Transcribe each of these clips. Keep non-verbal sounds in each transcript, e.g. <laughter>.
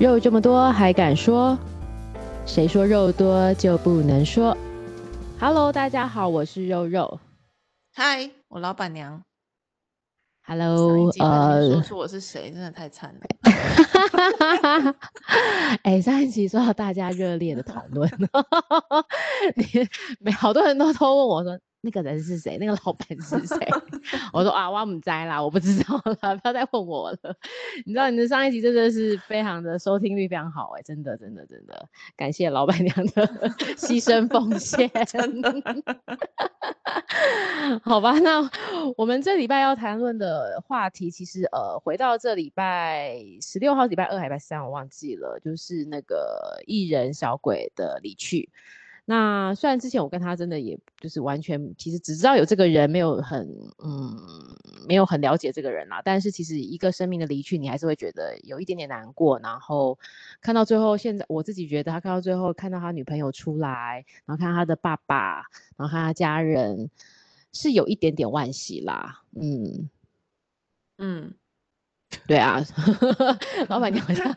肉這麼多還敢說？誰說肉多就不能說？Hello，大家好，我是肉肉。Hi，我老板娘。Hello，呃，說我是誰，uh, 真的太慘了。哈哈哈哈哈哈。哎，上一期說到大家熱烈的討論，哈哈哈哈哈。你沒好多人都偷問我說。那個人是誰？那個老闆是誰？我說啊，我不知道啦，我不知道了，不要再問我了。你知道你的上一集真的是非常的收聽率非常好，欸，哎，真的真的真的，感謝老闆娘的犧 <laughs> 牲奉獻。 <laughs> 好吧，那我們這禮拜要談論的話題，其實呃，回到這禮拜十六號，禮拜二還是禮拜三，我忘記了，就是那個藝人小鬼的離去。那雖然之前我跟他真的也就是完全其實只知道有這個人，沒有很嗯，沒有很了解這個人啦。但是其實一個生命的離去，你還是會覺得有一點點難過。然後看到最後，現在我自己覺得，他看到最後看到他女朋友出來，然後看到他的爸爸，然後看他家人，是有一點點惋惜啦，嗯嗯。 <laughs> 對啊， <laughs> 老板娘好像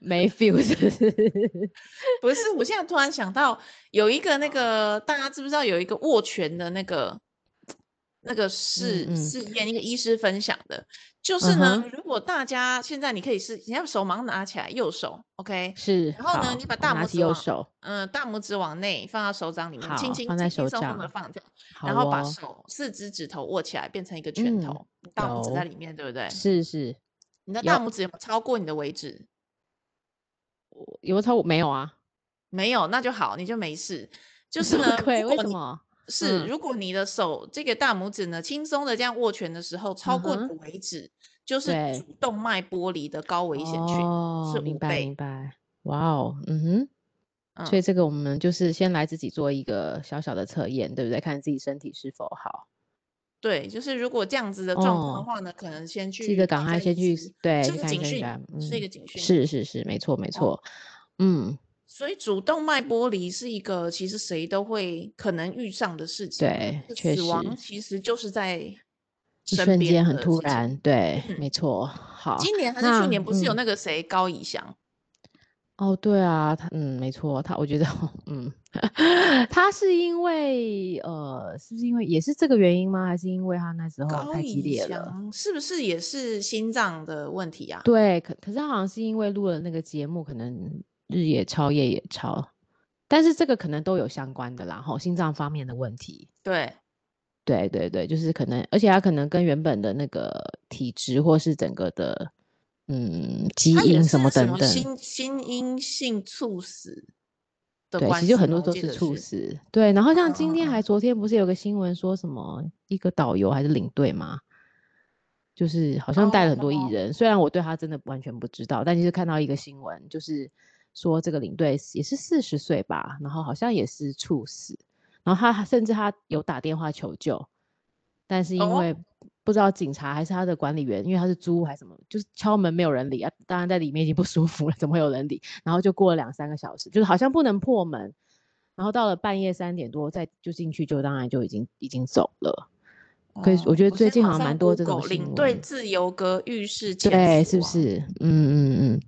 沒 feel，是不是？ <laughs> 不是，我現在突然想到有一個那個大家知不知道有一個握拳的那個那個試試驗，一、嗯、個、嗯、醫師分享的，就是呢，嗯、如果大家現在你可以試你要手忙拿起來，右手，OK，是，然後呢，你把大拇指右手，嗯，大拇指往內放到手掌裡面，輕輕放在手掌，輕輕鬆鬆鬆放掉、哦，然後把手四只指頭握起來，變成一個拳頭，嗯、大拇指在裡面，嗯、對不對？是是。你的大拇指有沒有超過你的位置有？有沒有超過？沒有啊，沒有，那就好，你就沒事。就是呢，可以為什麼？是、嗯、如果你的手這個大拇指呢，輕鬆的這樣握拳的時候，超過位置、嗯，就是主動脈剝離的高危險群。哦，是明白明白。哇、wow, 哦、嗯，嗯哼。所以這個我們就是先來自己做一個小小的測驗，對不對？看自己身體是否好。對，就是如果這樣子的狀況的話呢、哦，可能先去記得趕快先去對看一下、嗯。是一個警訊，是、嗯、是是是，沒錯沒錯、哦。嗯，所以主動脈剝離是一個其實誰都會可能遇上的事情。對，確實，死亡其實就是在一瞬間很突然。對，嗯、沒錯。好，今年還是去年，不是有那個誰高以翔？哦、oh，對啊，他嗯，沒錯，他我覺得，嗯， <laughs> 他是因為呃，是不是因為也是這個原因嗎？還是因為他那時候太激烈了？高以翔是不是也是心臟的問題啊？對，可可是他好像是因為錄了那個節目，可能日也超，夜也超，但是這個可能都有相關的啦，然後心臟方面的問題。對，對對對，就是可能，而且他可能跟原本的那個體質或是整個的。嗯，基因什麼等等，心因性猝死。對，其實很多都是猝死是。對，然後像今天還昨天不是有個新聞說什麼一個導遊還是領隊嗎？哦？就是好像帶了很多藝人，哦，雖然我對他真的完全不知道，哦，但就是看到一個新聞，就是說這個領隊也是四十歲吧，然後好像也是猝死，然後他甚至他有打電話求救，但是因為，哦。不知道警察還是他的管理員，因為他是租還是什麼，就是敲門沒有人理啊。當然在裡面已經不舒服了，怎麼會有人理？然後就過了兩三個小時，就是好像不能破門。然後到了半夜三點多再就進去，就當然就已經已經走了。哦、可是，我覺得最近好像蠻多這種領隊自由閣浴室、啊、對，是不是？嗯嗯嗯,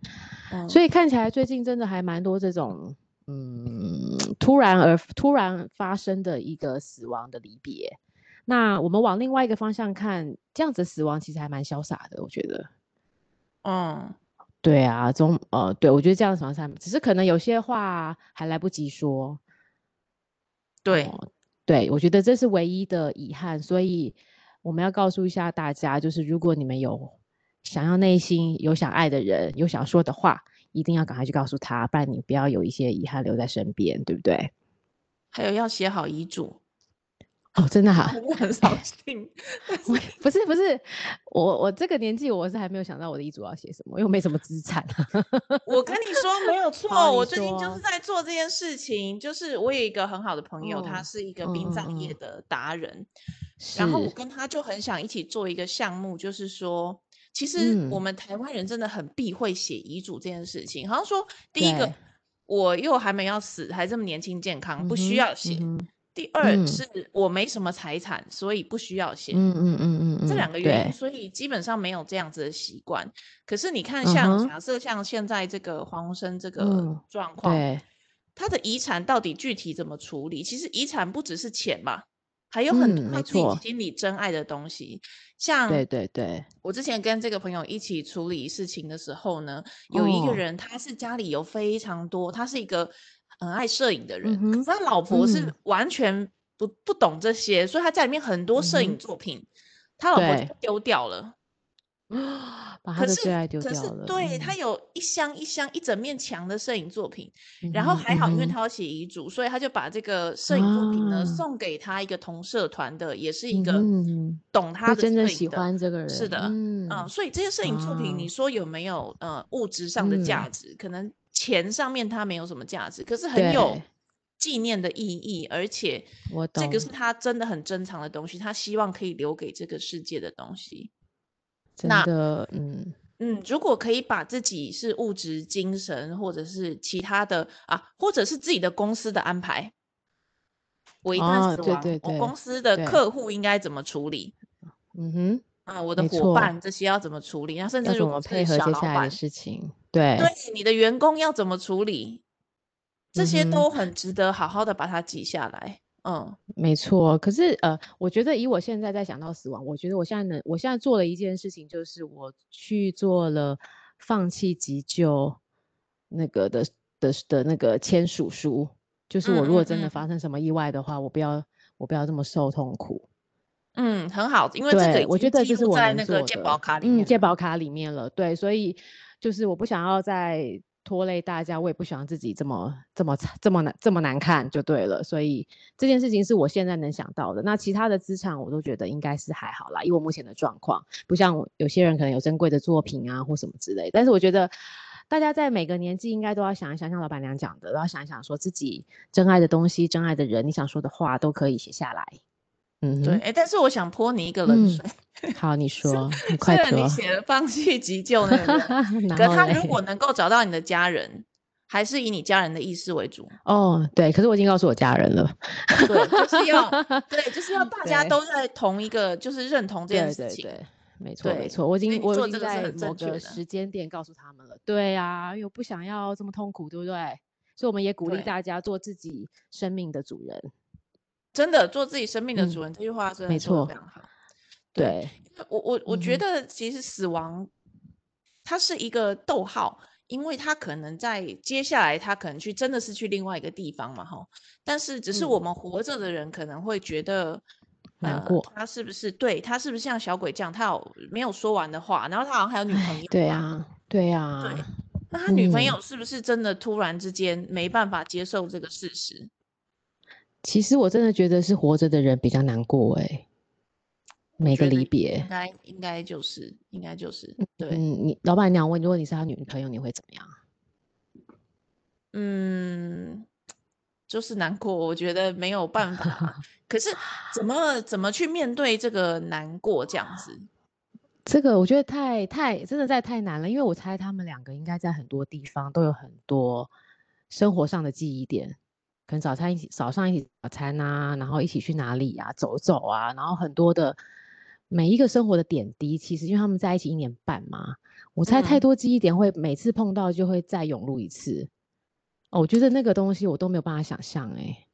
嗯。所以看起來最近真的還蠻多這種嗯突然而突然發生的一個死亡的離別。那我們往另外一個方向看，這樣子死亡其實還蠻瀟灑的，我覺得。嗯，對啊，中呃，對，我覺得這樣子死亡才，只是可能有些話還來不及說。對、哦，對，我覺得這是唯一的遺憾，所以我們要告訴一下大家，就是如果你們有想要內心有想愛的人，有想說的話，一定要趕快去告訴他，不然你不要有一些遺憾留在身邊，對不對？還有要寫好遺囑。哦，真的哈、啊，很少聽。不是不是，我我這個年紀，我是還沒有想到我的遺囑要寫什麼，因為我沒什麼資產。 <laughs> 我跟你說沒有錯， <laughs> 我最近就是在做這件事情。就是我有一個很好的朋友，哦、他是一個殯葬業的達人、嗯，然後我跟他就很想一起做一個項目，就是說，其實我們台灣人真的很避諱寫遺囑這件事情，嗯、好像說第一個我又還沒要死，還這麼年輕健康、嗯，不需要寫。嗯第二是、嗯、我沒什麼財產，所以不需要錢。嗯嗯嗯嗯，這兩個原因，所以基本上沒有這樣子的習慣。可是你看像，像、嗯、假設像現在這個黃鴻升這個狀況，他、嗯、的遺產到底具體怎麼處理？嗯、其實遺產不只是錢嘛，還有很多他自己心裡珍愛的東西。嗯、像對對對，我之前跟這個朋友一起處理事情的時候呢，對對對，有一個人他是家裡有非常多，哦、他是一個。很愛攝影的人，嗯、可是他老婆是完全不、嗯、不懂這些，所以他家裡面很多攝影作品、嗯，他老婆就丟掉了，啊，把他的最愛丟掉了。對，他，了，對他有一箱一箱一整面牆的攝影作品、嗯，然後還好，因為他要寫遺囑、嗯，所以他就把這個攝影作品呢、啊、送給他一個同社團的，也是一個懂他的，的，真的喜歡這個人。是的，嗯，嗯所以這些攝影作品，你說有沒有、啊、呃物質上的價值、嗯？可能。錢上面它沒有什麼價值，可是很有紀念的意義，而且這個是他真的很珍藏的東西，他希望可以留給這個世界的東西。那嗯嗯，如果可以把自己是物質、精神，或者是其他的啊，或者是自己的公司的安排，我一旦死亡、哦對對對，我公司的客戶應該怎麼處理？嗯哼，啊，我的夥伴這些要怎麼處理？那、啊、甚至如何配合接下來的事情？對對，你的員工要怎麼處理？這些都很值得好好的把它記下來嗯。嗯，沒錯。可是呃，我覺得以我現在在想到死亡，我覺得我現在能，我現在做了一件事情，就是我去做了放棄急救那個的的的、的那個簽署書，就是我如果真的發生什麼意外的話，嗯、我不要我不要這麼受痛苦。嗯，很好，因為這個已經我覺得就是在那個健保卡裡面了，健、嗯、保卡裡面了。對，所以。就是我不想要再拖累大家，我也不想讓自己這麼這麼這麼難這麼難看就對了。所以這件事情是我現在能想到的。那其他的資產，我都覺得應該是還好啦。因為我目前的狀況，不像有些人可能有珍貴的作品啊或什麼之類。但是我覺得，大家在每個年紀應該都要想一想，像老闆娘講的，都要想一想，說自己真愛的東西、真愛的人，你想說的話都可以寫下來。嗯，對，哎，但是我想潑你一個冷水。嗯、好，你說。 <laughs> 你快說。你寫了放棄急救呢？ <laughs> 可他如果能夠找到你的家人， <laughs> 還是以你家人的意思為主。哦，對，可是我已經告訴我家人了。 <laughs> 對，就是要對，就是要大家都在同一個，就是認同這件事情。對對對，沒錯沒錯，我已經做這個很我已經在某個時間點告訴他們了。對呀、啊，又不想要這麼痛苦，對不對，對？所以我們也鼓勵大家做自己生命的主人。真的做自己生命的主人，嗯、這句話真的沒錯，非常好。對，我我我覺得其實死亡、嗯，它是一個逗號，因為他可能在接下來他可能去真的是去另外一個地方嘛哈。但是只是我們活着的人可能會覺得、嗯、難過，他是不是對他是不是像小鬼這樣，他有沒有說完的話？然後他好像還有女朋友、啊，對啊，對啊，對嗯、那他女朋友是不是真的突然之間沒辦法接受這個事實？其實我真的覺得是活着的人比較難過哎、欸，每個離別，應該應該就是應該就是對。嗯，你老闆娘問，如果你是他女朋友，你會怎麼樣？嗯，就是難過，我覺得沒有辦法。 <laughs> 可是怎麼怎麼去面對這個難過這樣子？這個我覺得太太真的在太難了，因為我猜他們兩個應該在很多地方都有很多生活上的記憶點。可能早餐一起，早上一起早餐啊，然後一起去哪裡啊，走走啊，然後很多的每一個生活的點滴，其實因為他們在一起一年半嘛，我猜太多記憶點會每次碰到就會再湧入一次。嗯。哦，我覺得那個東西我都沒有辦法想象哎、欸。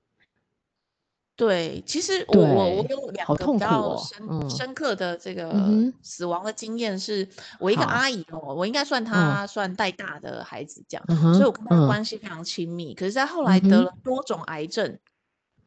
對，其實我我我有兩個比較深、哦、深刻的這個死亡的經驗是，是、嗯、我一個阿姨哦，我應該算她算帶大的孩子這樣，嗯、所以我跟她的關係非常親密。嗯、可是，她後來得了多種癌症。嗯嗯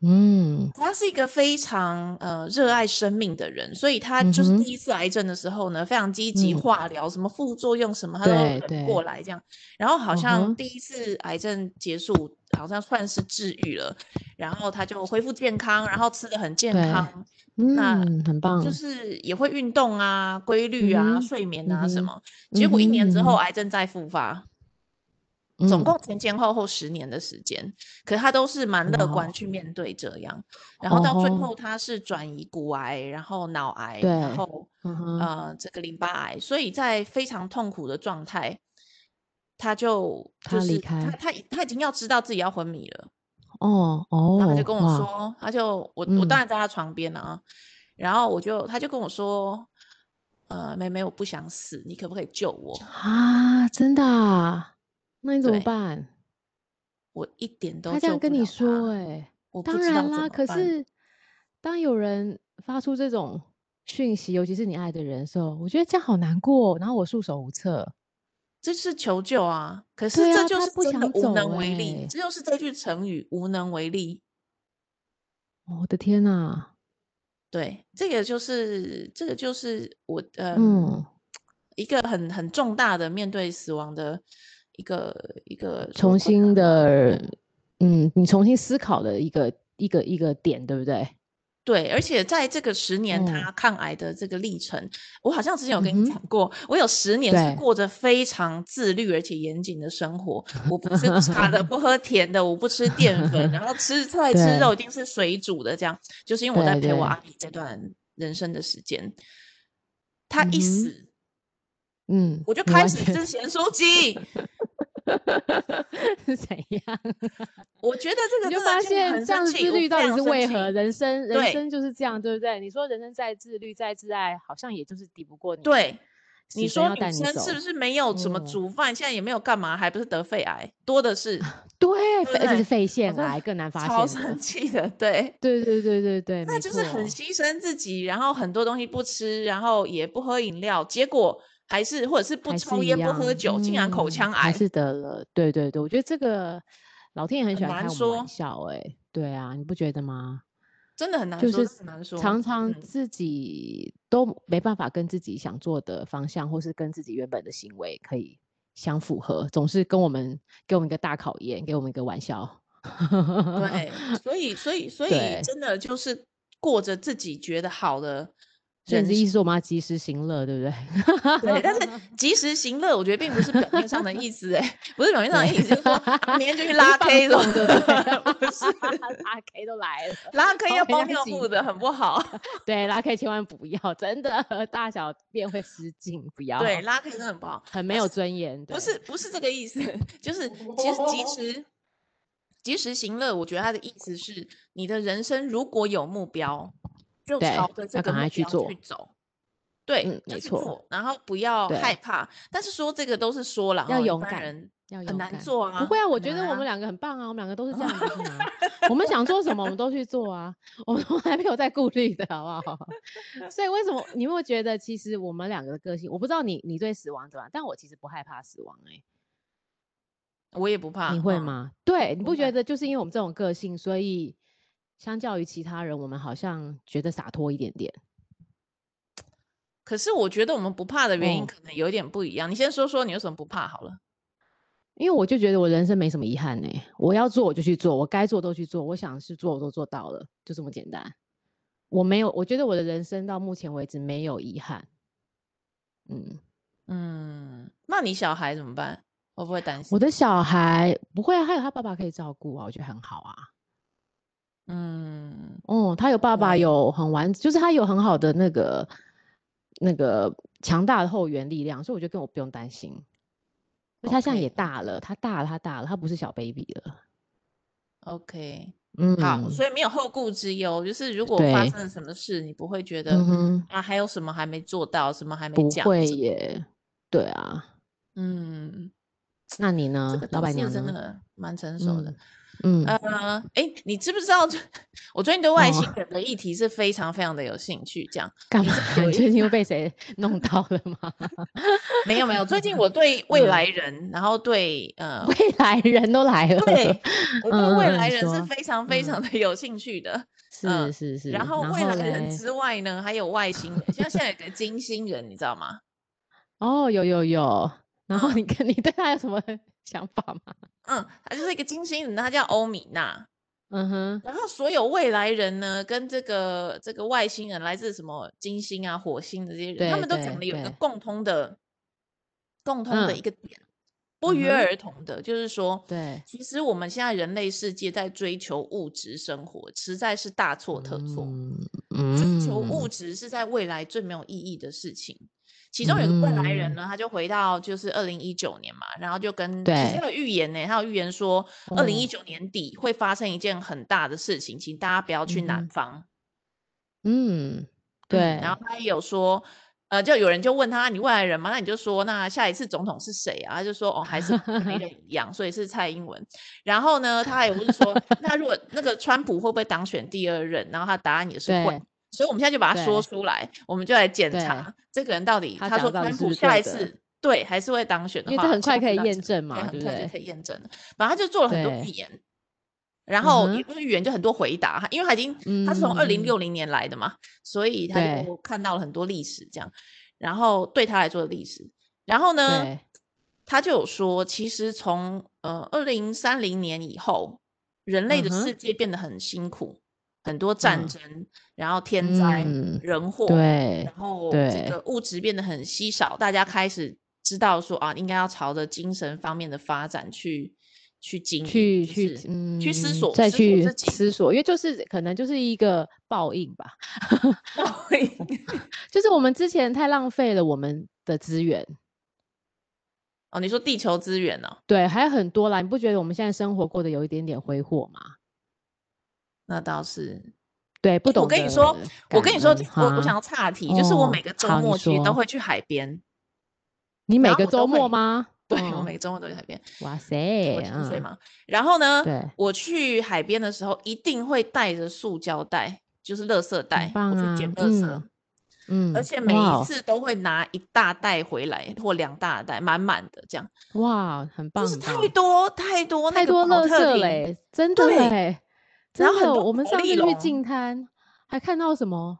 嗯，他是一個非常呃熱愛生命的人，所以他就是第一次癌症的時候呢，嗯、非常積極化療、嗯，什麼副作用什麼，他都忍過來這樣。然後好像第一次癌症結束，嗯、好像算是治癒了，然後他就恢復健康，然後吃的很健康，嗯、那很棒，就是也會運動啊、規、嗯、律啊、嗯、睡眠啊什麼、嗯。結果一年之後，嗯、癌症再復發。總共前前後後十年的時間、嗯，可是他都是蠻樂觀去面對這樣、哦，然後到最後他是轉移骨癌，然後腦癌，然後、嗯、呃這個淋巴癌，所以在非常痛苦的狀態，他就、就是、他離開他他他已經要知道自己要昏迷了哦哦，然後他就跟我說，他就我我當然在他床邊了啊，然後我就他就跟我說，呃妹妹我不想死，你可不可以救我啊？真的、啊。那你怎麼辦？我一點都他，他這樣跟你說、欸，哎，我不知道，當然啦。可是當有人發出這種訊息，尤其是你愛的人的時候，我覺得這樣好難過，然後我束手無策，這是求救啊。可是這就是不想無能為力，這就是這句成語“無能為力”哦。我的天啊！對，這個就是這個就是我、呃、嗯，一個很很重大的面對死亡的。一個一個重新的，嗯，你重新思考的一個一個一個點，對不對？對，而且在這個十年，他抗癌的這個歷程、嗯，我好像之前有跟你講過嗯嗯，我有十年是過着非常自律而且嚴謹的生活，我不是吃辣的， <laughs> 不喝甜的，我不吃澱粉， <laughs> 然後吃菜 <laughs> 吃肉一定是水煮的，這樣，就是因為我在陪我阿姨這段人生的時間，他一死。嗯嗯嗯，我就開始吃鹹酥雞，是怎樣？嗯、我， <laughs> <laughs> <laughs> <laughs> <laughs> <laughs> <laughs> 我覺得這個就，就發現這樣自律到底是為何？嗯、人生人生就是這樣，對不對，對？你說人生再自律，再自愛，好像也就是抵不過你。對，你，你說女生是不是沒有怎麼煮飯、嗯，現在也沒有幹嘛，還不是得肺癌？多的是。 <laughs> 對，而、就、且是肺腺癌更難發現。超生氣的，對，對對對對對對，那就是很犧牲自己，然後很多東西不吃，然後也不喝飲料，結果。還是或者是不抽菸不喝酒，竟然口腔癌、嗯、還是得了。對對對，我覺得這個老天爺很喜歡開玩笑、欸，很難說，哎，對啊，你不覺得嗎？真的很難說，就是、常常自己都沒辦法跟自己想做的方向，或是跟自己原本的行為可以相符合，總是跟我們給我們一個大考驗，給我們一個玩笑。 <laughs> 對，所以所以所以真的就是過着自己覺得好的。原意是我們要及時行樂，對不對？對， <laughs> 但是及時行樂，我覺得並不是表面上的意思、欸，哎，不是表面上的意思，就是、明天就去拉 K 了 <laughs> 放信， <laughs> 對不對？拉 <laughs> K 都來了，拉 K 要包尿布的，很不好。對，拉 K 千萬不要，真的大小便會失禁，不要。對，拉 K 真的很不好，很沒有尊嚴。不是，不是這個意思，就是其實及時及、哦哦、時行樂，我覺得它的意思是你的人生如果有目標。就朝着這個目標去做，對，嗯就是嗯、沒錯，然後不要害怕。但是說這個都是說了，要勇敢，很難啊、要勇敢做啊！不會啊，我覺得我們兩個很棒啊，啊我們兩個都是這樣的、啊。 <laughs> 我們想做什麼，我們都去做啊，我們從來沒有在顧慮的，好不好？所以為什麼你會覺得其實我們兩個的個性，我不知道你你對死亡怎麼樣？但我其實不害怕死亡、欸，哎、嗯，我也不怕。你會嗎？啊、對，你不覺得就是因為我們這種個性，所以。相較於其他人，我們好像覺得灑脫一點點。可是我覺得我們不怕的原因可能有點不一樣。嗯。你先說說你有什麼不怕好了。因為我就覺得我人生沒什麼遺憾呢，欸。我要做我就去做，我該做都去做，我想是做我都做到了，就這麼簡單。我沒有，我覺得我的人生到目前為止沒有遺憾。嗯嗯，那你小孩怎麼辦？我不會擔心。我的小孩不會啊，還有他爸爸可以照顧啊，我覺得很好啊。嗯哦，他有爸爸，有很完、嗯，就是他有很好的那個那個強大的後援力量，所以我覺得跟我不用擔心。Okay. 他現在也大了，他大了，他大了，他不是小 baby 了。OK，嗯，好，所以沒有後顧之憂，就是如果發生了什麼事，你不會覺得、嗯、啊還有什麼還沒做到，什麼還沒講。不會耶，對啊，嗯，那你呢？這個老板娘真的蠻成熟的。嗯嗯呃，哎，你知不知道？我最近對外星人的議題是非常非常的有興趣。哦、這樣，幹嘛你你最近又被誰弄到了嗎？ <laughs> 沒有沒有，最近我對未來人，嗯、然後對呃未來人都來了。對，我對未來人是非常非常的有興趣的。嗯嗯嗯、是是、呃、是,是。然後未來人之外呢，還有外星人，像現在有個金星人，你知道嗎？哦，有有有。然後你看、嗯，你對他有什麼想法嗎？嗯，他就是一個金星人，他叫歐米娜。嗯哼，然後所有未來人呢，跟這個這個外星人來自什麼金星啊、火星的這些人，他們都講了有一個共通的、共通的一個點，嗯、不約而同的、嗯，就是說，對，其實我們現在人類世界在追求物質生活，實在是大錯特錯。嗯，嗯，追求物質是在未來最沒有意義的事情。其中有一個未來人呢、嗯，他就回到就是二零一九年嘛，然後就跟，對，其他有預言呢、欸，他有預言說二零一九年底會發生一件很大的事情，請大家不要去南方。嗯，嗯對嗯。然後他也有說，呃，就有人就問他，你未來人嘛，那你就說，那下一次總統是誰啊？他就說，哦，還是一樣， <laughs> 所以是蔡英文。然後呢，他也不是說， <laughs> 那如果那個川普會不會當選第二任？然後他的答案也是會。所以我們現在就把它說出來，我們就來檢查這個人到底他說川普下一次對還是會當選的話，因為這很快可以驗證嘛，對，很快就可以驗證了。反正他就做了很多預言，然後也不是預言，就很多回答。嗯、因為他已經他是從二零六零年來的嘛，嗯、所以他就看到了很多歷史這樣。然後對他來說的歷史，然後呢，他就有說，其實從呃二零三零年以後，人類的世界變得很辛苦。嗯很多戰爭，嗯、然後天災、嗯、人禍，對，然後這個物質變得很稀少，大家開始知道說啊，應該要朝着精神方面的發展去去經去、就是、去、嗯、去思索，再去思索，思索，因為就是可能就是一個報應吧，報 <laughs> 應 <laughs> <laughs> 就是我們之前太浪費了我們的資源哦，你說地球資源呢、哦？對，還有很多啦，你不覺得我們現在生活過得有一點點揮霍嗎？那倒是，對，不懂、欸。我跟你說，我跟你說，嗯、我我想要岔題、嗯，就是我每個周末去、哦、都會去海邊。你每個周末嗎、哦？對，我每個周末都去海邊。哇塞，哇塞，嗎、嗯？然後呢，我去海邊的時候一定會帶着塑膠袋，就是垃圾袋，啊、我去撿垃圾嗯。嗯，而且每一次都會拿一大袋回來，嗯、或兩大袋滿滿的這樣。哇，很棒。就是太多太多太多垃圾了欸，真的。真的然後，我們上次去淨灘還看到什麼？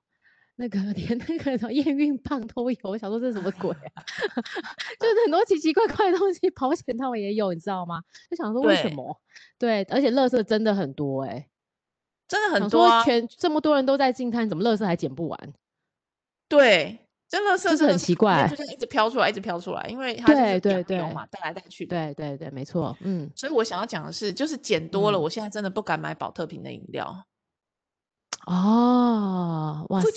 那個連那個什麼驗孕棒都有，我想說這是什麼鬼、啊？ <laughs> <laughs> 就是很多奇奇怪怪的東西，保險套也有，你知道嗎？就想說為什麼？對，對，而且垃圾真的很多哎、欸，真的很多、啊、全這麼多人都在淨灘，怎麼垃圾還撿不完？對。真的設置很奇怪、欸，就是一直飄出來，一直飄出來，因為它是用嘛，帶來帶去，對對對，沒錯，嗯。所以我想要講的是，就是撿多了、嗯，我現在真的不敢買寶特瓶的飲料。哦，哇塞，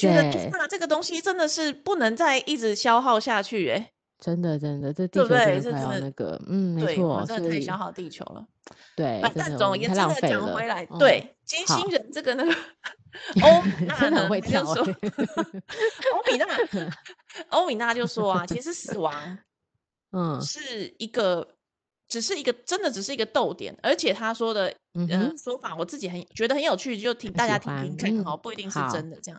那這個東西真的是不能再一直消耗下去哎、欸。真的，真的，這地球真的快要那個，對對嗯，就是、嗯，沒錯、哦，對，真的太消耗地球了。對，鄭總也真的講回來，對，金星人這個那個很、嗯嗯、 <laughs> 娜 <laughs> 真的會跳，歐米娜， <laughs> 歐米娜就說啊， <laughs> 其實死亡，嗯，是一個、嗯，只是一個，真的只是一個逗點，而且他說的，嗯、呃，說法，我自己很覺得很有趣，就聽大家聽聽看哦、嗯，不一定是真的這樣。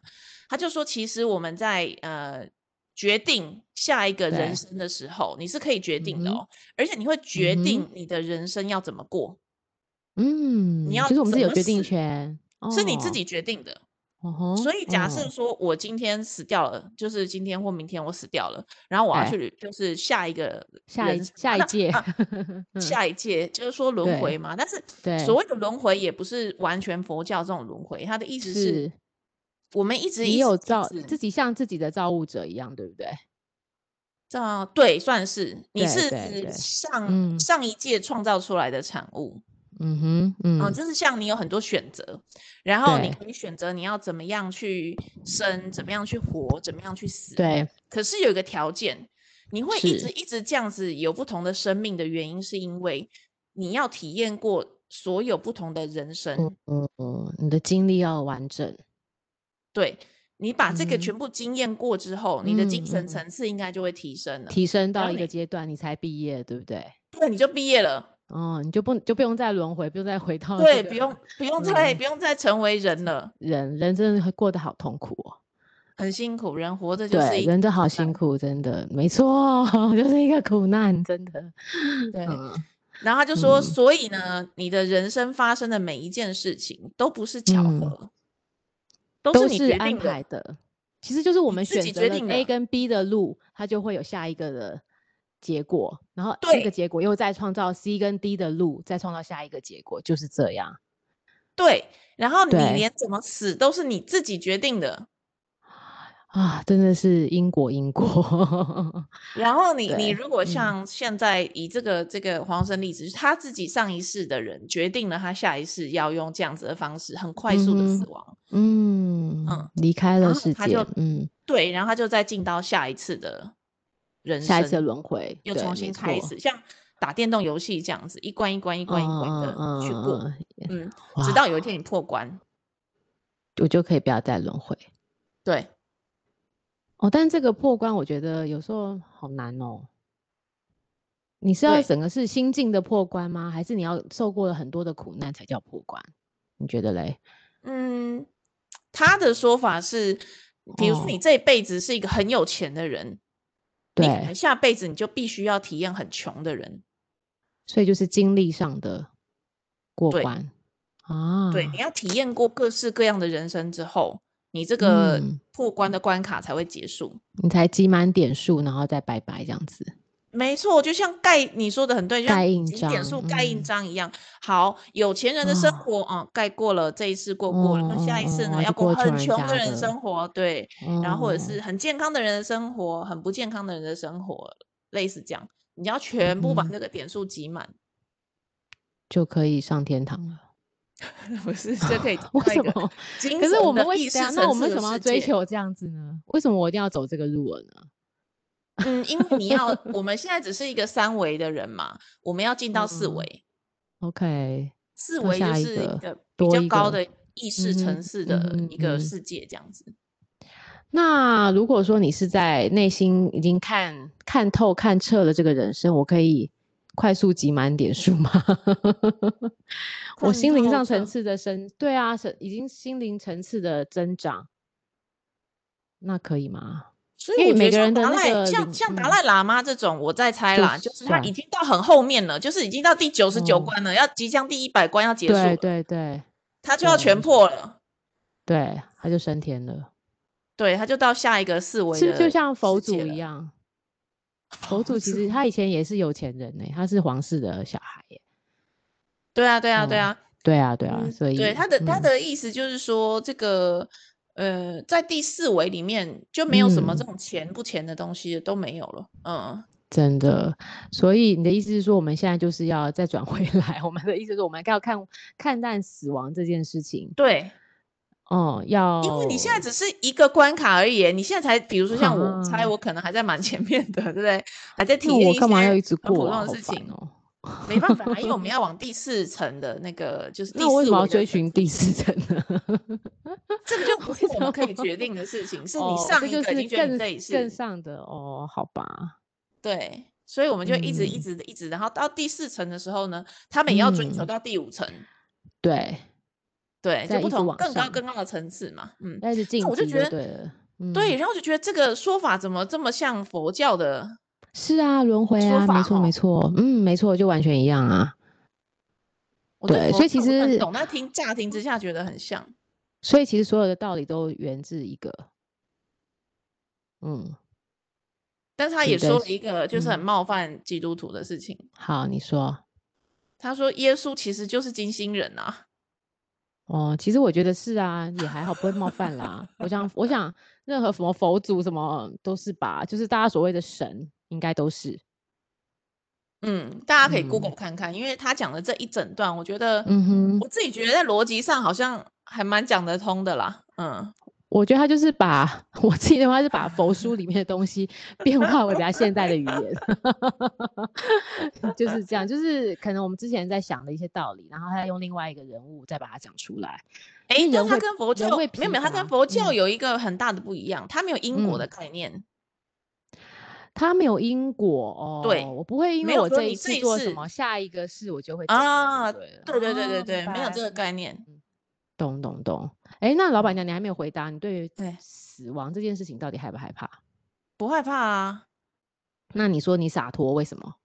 他就說，其實我們在呃。決定下一個人生的時候，你是可以決定的哦，嗯嗯，而且你會決定你的人生要怎麼過。嗯，嗯，你要其實、就是、我們自己有決定權、哦，是你自己決定的。哦吼，所以假設說我今天死掉了、哦，就是今天或明天我死掉了，然後我要去就是下一個、哎、下一下一屆、啊啊、 <laughs> 下一屆，就是說輪迴嘛。對對，但是所謂的輪迴也不是完全佛教這種輪迴，它的意思是，是。我們一直也有造一直自己像自己的造物者一樣，對不對？造、啊、對算是你是指上對對對、嗯、上一屆創造出來的產物。嗯哼，嗯、啊，就是像你有很多選擇，然後你可以選擇你要怎麼樣去生，怎麼樣去活，怎麼樣去死。對。可是有一個條件，你會一直一直這樣子有不同的生命的原因，是因為你要體驗過所有不同的人生。嗯，嗯，你的經歷要完整。對，你把這個全部經驗過之後、嗯，你的精神層次應該就會提升了，嗯嗯嗯，提升到一個階段，你，你才畢業，對不對？那你就畢業了，哦、嗯，你就不就不用再輪迴，不用再回到了、這個、對，不用不用再、嗯、不用再成為人了。人人真的會過得好痛苦哦，很辛苦。人活着就是一個人的好辛苦，真的沒錯，就是一個苦難， <laughs> 真的對、嗯。然後他就說、嗯，所以呢，你的人生發生的每一件事情都不是巧合。嗯都是你決定的，都是安排的，你自己決定的，其實就是我們選擇 A 跟 B 的路，它就會有下一個的結果，然後這個結果又再創造 C 跟 D 的路，再創造下一個結果，就是這樣。對，然後你連怎麼死都是你自己決定的。啊，真的是因果因果。 <laughs> 然後你你如果像現在以這個、嗯、這個黃生例子，他自己上一世的人決定了他下一世要用這樣子的方式，很快速的死亡，嗯嗯，離開了世界、嗯、他就，嗯，對，然後他就再進到下一次的人生，下一次輪迴又重新開始，像打電動遊戲這樣子，一關一關一關一關的去過，嗯，嗯嗯嗯嗯直到有一天你破關，我就可以不要再輪迴，對。哦，但這個破關，我覺得有時候好難哦。你是要整個是心境的破關嗎？還是你要受過了很多的苦難才叫破關？你覺得嘞？嗯，他的說法是，比如說你這輩子是一個很有錢的人，哦、對，下輩子你就必須要體驗很窮的人，所以就是經歷上的過關啊。對，你要體驗過各式各樣的人生之後。你這個破關的關卡才會結束，嗯、你才集滿點數，然後再拜拜這樣子。沒錯，就像蓋你說的很對，蓋印章，集點數蓋印章一樣、嗯。好，有錢人的生活，啊、哦，蓋、嗯、過了這一次，過過了、嗯，那下一次呢？嗯嗯嗯、要過很窮的人生活，對、嗯，然後或者是很健康的人的生活，很不健康的人的生活，嗯、類似這樣，你要全部把那個點數集滿、嗯，就可以上天堂了。嗯 <laughs> 不是這、啊、可以？為什麼？可是我們,那我們為什麼要追求這樣子呢？為什麼我一定要走這個路了呢？嗯，因為你要， <laughs> 我們現在只是一個三維的人嘛，我們要進到四維。OK，、嗯、四維就是一個比較高的意識層次的一個世界，這樣子、嗯嗯嗯。那如果說你是在內心已經看、嗯、看透、看徹了這個人生，我可以快速集滿點數嗎？嗯 <laughs> 我心靈上層次的升，對啊，已經心靈層次的增長，那可以嗎？所以達賴每個人的、那個、像像達賴喇嘛這種，我在猜啦就，就是他已經到很後面了，嗯、就是已經到第九十九關了，嗯、要即將第一百關要結束了，對對對，他就要全破了、嗯，對，他就升天了，對，他就到下一個四維，了就像佛祖一樣、啊，佛祖其實他以前也是有錢人呢、欸，他是皇室的小孩耶、欸。對啊，對，啊對啊，對、嗯、啊，對啊，對啊，對啊，所以對他的、嗯、他的意思就是說，這個呃，在第四維裡面就沒有什麼這種錢不錢的東西、嗯、都沒有了，嗯，真的。所以你的意思是說，我們現在就是要再轉回來？我們的意思是我們要看看淡死亡這件事情。對，哦、嗯，要，因為你現在只是一個關卡而已，你現在才，比如說像我猜，嗯、我可能還在蠻前面的，對不對？還在經歷一些很普通的事情、嗯啊、哦。沒辦法，因為我們要往第四層的那個， <laughs> 就是那、這個、我為什麼要追尋第四層呢？ <laughs> 這個就不是我們可以決定的事情， <laughs> 哦、是你上一個已經一更更上的哦，好吧？對，所以我們就一直一直一直，嗯、然後到第四層的時候呢，他們也要追求到第五層、嗯。對對，就不同更高更高的層次嘛，嗯。但是進我就覺得對、嗯，對，然後就覺得這個說法怎麼這麼像佛教的？是啊，輪迴啊、哦，沒錯沒錯，嗯，沒錯，就完全一樣啊。對，對，所以其實懂，那聽乍聽之下覺得很像。所以其實所有的道理都源自一個，嗯，但是他也說了一個，就是很冒犯基督徒的事情、嗯。好，你說，他說耶穌其實就是金星人啊。哦，其實我覺得是啊，也還好，不會冒犯啦。 <laughs> 我想，我想任何什麼佛祖什麼都是吧，就是大家所謂的神。應該都是，嗯，大家可以 Google 看看，嗯、因為他講的這一整段，我覺得，嗯哼，我自己覺得在邏輯上好像還蠻講得通的啦。嗯，我覺得他就是把我自己的話，是把佛書裡面的東西變化為比較現代的語言， <laughs> <laughs> 就是這樣，就是可能我們之前在想的一些道理，然後他用另外一個人物再把它講出來。哎、欸，他跟佛教沒有沒有，他跟佛教有一個很大的不一樣，嗯、他沒有因果的概念。嗯他沒有因果哦，對我不會因為我這一次做什麼，下一個事我就會就啊，對對對對對、啊，沒有這個概念，懂懂懂。哎，那老闆娘，你還沒有回答，你對於死亡這件事情到底害不害怕？不害怕啊。那你說你灑脫，為什麼？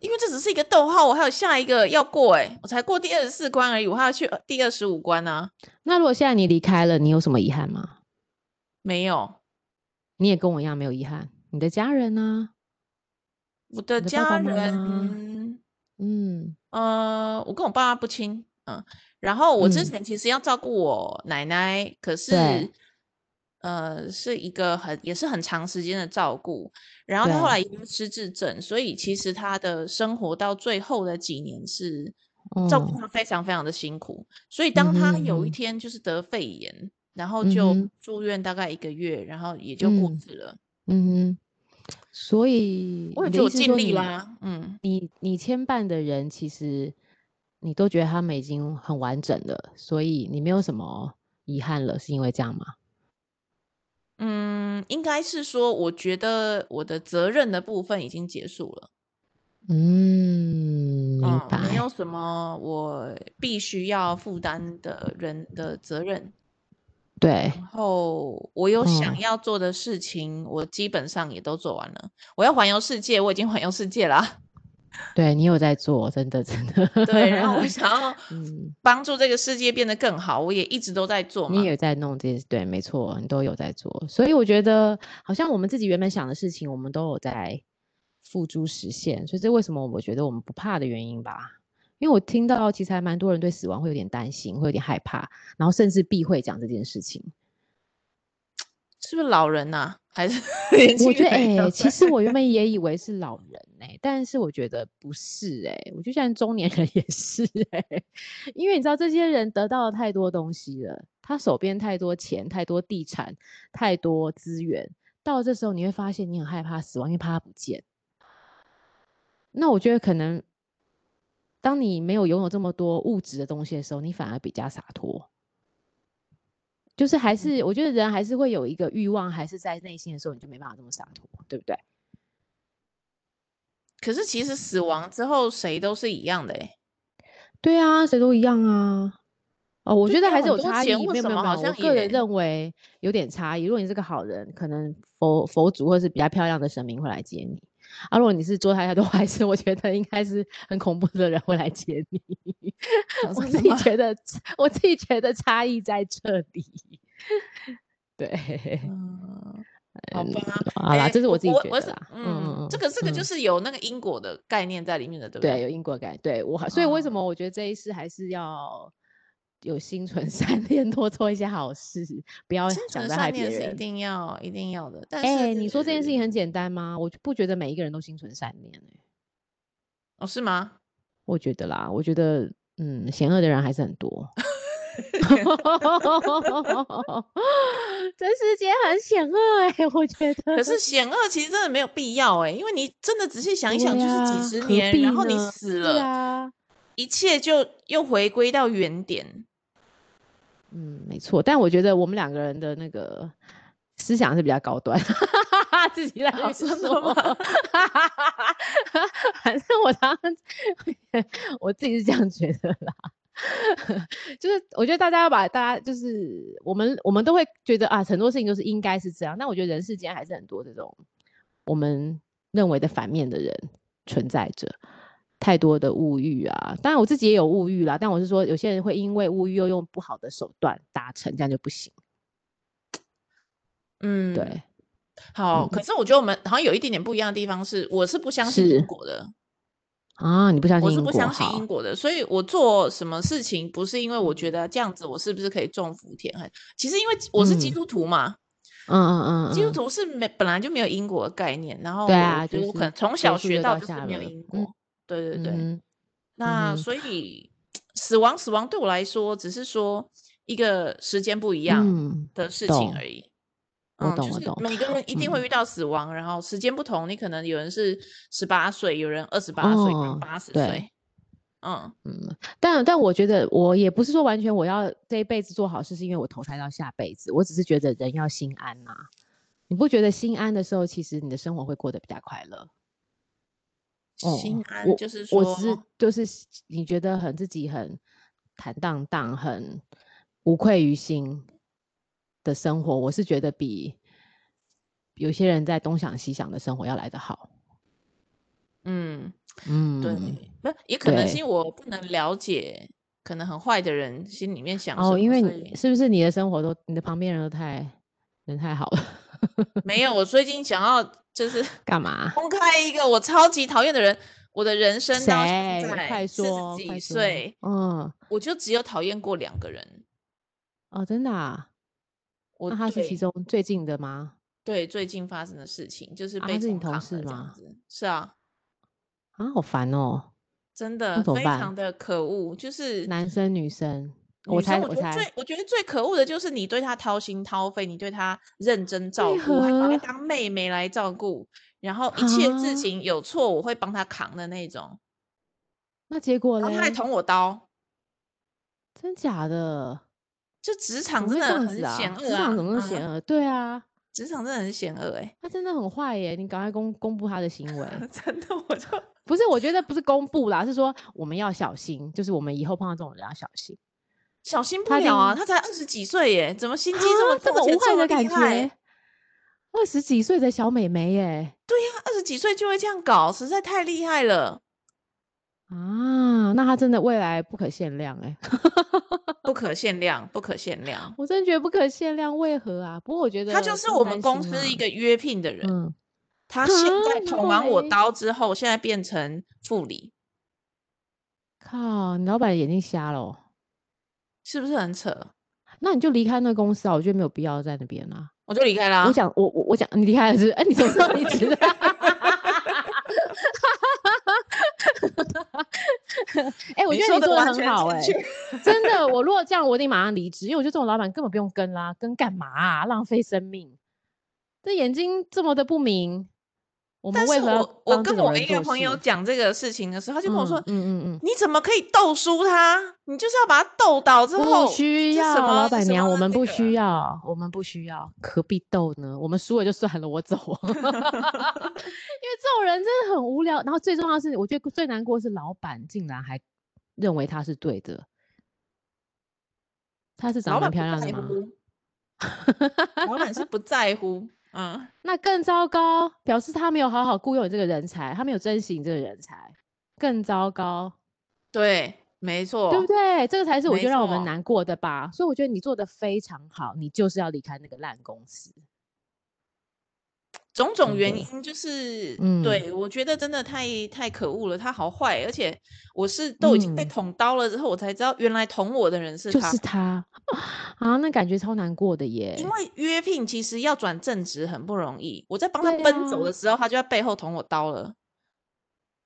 因為這只是一個逗號，我還有下一個要過哎、欸，我才過第二十四關而已，我還要去第二十五關呢、啊。那如果現在你離開了，你有什麼遺憾嗎？沒有。你也跟我一樣沒有遺憾。你的家人呢？我的家人，嗯，呃，我跟我爸媽不親，嗯、呃，然後我之前其實要照顧我奶奶，嗯、可是，呃，是一個很也是很長時間的照顧，然後他後來因為失智症，所以其實他的生活到最後的幾年是照顧他非常非常的辛苦，哦、所以當他有一天就是得肺炎嗯嗯，然後就住院大概一個月，然後也就過世了，嗯。嗯所以，我也是盡力啦。嗯，你你牽絆的人，其實你都覺得他們已經很完整了，所以你沒有什麼遺憾了，是因為這樣嗎？嗯，應該是說，我覺得我的責任的部分已經結束了。嗯，嗯，明白。沒有什麼我必須要負擔的人的責任。對，然後我有想要做的事情，我基本上也都做完了，嗯。我要環遊世界，我已經環遊世界了啊。對你有在做，真的真的。對，然後我想要幫助這個世界變得更好， <laughs> 嗯、我也一直都在做，你也在弄這些，對，沒錯，你都有在做。所以我覺得，好像我們自己原本想的事情，我們都有在付諸實現。所以這是為什麼我覺得我們不怕的原因吧？因為我聽到，其實還蠻多人對死亡會有點擔心，會有點害怕，然後甚至避諱講這件事情，是不是老人啊？還是人我覺得，哎、欸， <laughs> 其實我原本也以為是老人哎、欸，但是我覺得不是哎、欸，我就像中年人也是哎、欸， <laughs> 因為你知道，這些人得到了太多東西了，他手邊太多錢、太多地產、太多資源，到了這時候你會發現，你很害怕死亡，因為怕他不見。那我覺得可能。當你沒有擁有這麼多物質的東西的時候，你反而比較灑脫。就是還是、嗯、我覺得人還是會有一個慾望，還是在內心的時候，你就沒辦法這麼灑脫，對不對？可是其實死亡之後誰都是一樣的哎、欸。對啊，誰都一樣啊。哦，我覺得還是有差異，什麼沒有，沒有，沒有，沒有，好像？我個人認為有點差異。如果你是個好人，可能佛佛祖或是比較漂亮的神明會來接你。啊，如果你是坐臺的話，是我覺得應該是很恐怖的人會來接你。 <laughs> 我自己覺得，我自己覺得差異在這裡。對，嗯、好吧，嗯、好啦、欸，這是我自己覺得嗯。嗯，這個這個就是有那個因果的概念在裡面的，對不對？對，有因果概念。對我好好，所以為什麼我覺得這一次還是要。有心存善念，多做一些好事，不要想再害別人。心存善念是一定要、一定要的。但是，是、欸、你說這件事情很簡單嗎？我不覺得每一個人都心存善念哎。哦，是嗎？我覺得啦，我覺得嗯，險惡的人還是很多。哈哈哈！哈哈哈！哈哈哈！這世界很險惡哎，我覺得。可是險惡其實真的沒有必要哎、欸，因為你真的仔細想一想，就是幾十年，啊，然後你死了，對啊、一切就又回歸到原點。嗯，沒錯，但我覺得我們兩個人的那個思想是比較高端。 <laughs> 自己在說什麼？ <laughs> 反正我常常，我自己是這樣覺得啦， <laughs> 就是我覺得大家要把大家就是我們我們都會覺得啊，很多事情都是應該是這樣，但我覺得人世間還是很多這種我們認為的反面的人存在着。太多的物欲啊！當然我自己也有物欲啦，但我是說，有些人會因為物欲又用不好的手段達成，這樣就不行。嗯，對。好、嗯，可是我覺得我們好像有一點點不一樣的地方是，我是不相信因果的啊！你不相信因果？我是不相信因果的，所以我做什麼事情不是因為我覺得這樣子我是不是可以種福田。很其實因為我是基督徒嘛。嗯嗯，嗯嗯嗯，基督徒是沒本來就沒有因果的概念，然後對啊，就是、我可能從小學到大沒有因果。對對對，嗯、那所以，嗯、死亡，死亡對我來說只是說一個時間不一樣的事情而已。我懂，嗯，我懂。就是，每個人一定會遇到死亡，然後時間不同，你可能有人是十八歲，嗯，有人二十八歲，哦、有人八十歲。嗯嗯，但但我覺得我也不是說完全我要這一輩子做好事，是因為我投胎到下輩子。我只是覺得人要心安吶，啊，你不覺得心安的時候，其實你的生活會過得比較快樂。嗯、心安就是說我，我只是就是你覺得很自己很坦蕩蕩，很無愧於心的生活，我是覺得比有些人在東想西想的生活要來得好。嗯嗯，對，也可能是我不能了解，可能很壞的人心裡面想說哦，因為你是不是你的生活都你的旁邊人都太人太好了？ <laughs> 沒有，我最近想要。就是幹嘛公開一個我超級討厭的人，我的人生到現在四十幾歲，嗯，我就只有討厭過兩個人，哦，真的、啊，我、啊、他是其中最近的嗎？對，最近發生的事情就是、啊、他是你同事嗎？是啊，啊，好煩哦，真的非常的可惡，就是男生女生。我實我覺得最我，猜我覺得最可惡的就是你對他掏心掏肺，你對他認真照顧，還把他當妹妹來照顧，然後一切事情有錯、啊、我會幫他扛的那種。那結果呢？他還捅我刀，真假的？就職場真的很險惡啊？職場真的很險惡、啊啊啊？對啊，職場真的很險惡哎。他真的很壞耶、欸！你趕快公公布他的行為。 <laughs> 真的，我就不是，我覺得不是公布啦，是說我們要小心，就是我們以後碰到這種人要小心。小心不了啊！她才二十幾歲耶，怎麼心機這麼、啊、這麼、個、無害的感覺？二十幾歲的小美眉耶，對呀、啊，二十幾歲就會這樣搞，實在太厲害了啊！那她真的未來不可限量耶， <laughs> 不可限量，不可限量，我真覺得不可限量。為何啊？不過我覺得她就是我們公司一個約聘的人，她、嗯、現在捅完我刀之後，啊、現在變成助理、哎。靠，你老板眼睛瞎了。是不是很扯？那你就離開那個公司啊！我覺得沒有必要在那邊啊，我就離開啦。我想，我我我想你離開了是，是？哎、欸，你什麼時候離職的？哈哈哈哈哈哈哈哈哈哈哈哈！哎，我覺得你，得你做得很好、欸，哎，真的。我如果這樣，我得馬上離職， <laughs> 因為我覺得這種老板根本不用跟啦、啊，跟幹嘛、啊？浪費生命，這眼睛這麼的不明。我我們為何，我跟我一個朋友講這個事情的時候，他就跟我說：“嗯嗯嗯，嗯，你怎麼可以鬥輸他？你就是要把他鬥倒之後，不需要什麼老闆娘什麼，我們不需要，我們不需要，何必鬥呢？我們輸了就算了，我走。 <laughs> ” <laughs> 因為這種人真的很無聊。然後最重要的是，我覺得最難過是老闆竟然還認為他是對的，他是長得很漂亮的嗎？老闆 <laughs> 是不在乎。 <laughs> 嗯，那更糟糕，表示他沒有好好僱傭你這個人才，他沒有珍惜你這個人才，更糟糕。對，沒錯，對不對？這個才是我覺得讓我們難過的吧。所以我覺得你做得非常好，你就是要離開那個爛公司。種種原因就是，嗯、對、嗯、我覺得真的太太可惡了，她好壞，而且我是都已經被捅刀了之後，嗯、我才知道原來捅我的人是她。就是她啊，那感覺超難過的耶。因為約聘其實要轉正職很不容易，我在幫她奔走的時候，她、啊、就在背後捅我刀了。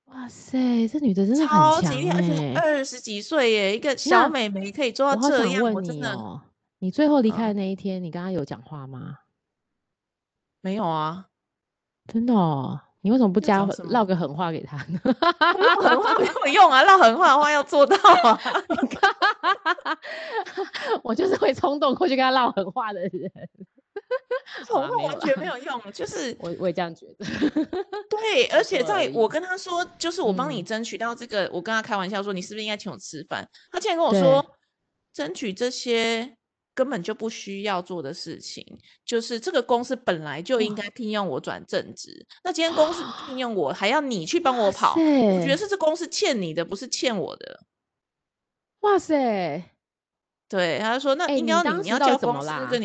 哇塞，這女的真的很、欸、超級厲害，二十幾歲耶，一個小美眉可以做到這樣。我問你呢、哦、你最後離開的那一天，啊、你跟她有講話嗎？沒有啊。真的哦、喔嗯，你為什麼不加落個狠話給他呢？落狠話沒有用啊，落 <laughs> 狠話的話要做到啊。 <laughs> <laughs> <laughs> 我就是會衝動過去跟他落狠話的人。衝動完全沒有用，就是我我也這樣覺得。 <laughs> 對，而且在我跟他說，就是我幫你爭取到這個、嗯，我跟他開玩笑說，你是不是應該請我吃飯？他竟然跟我說，爭取這些。根本就不需要做的事情，就是這個公司本來就應該聘用我轉正職。那今天公司聘用我，還要你去幫我跑，我覺得是這公司欠你的，不是欠我的。哇塞！對，他說那應該你要叫怎麼啦？老闆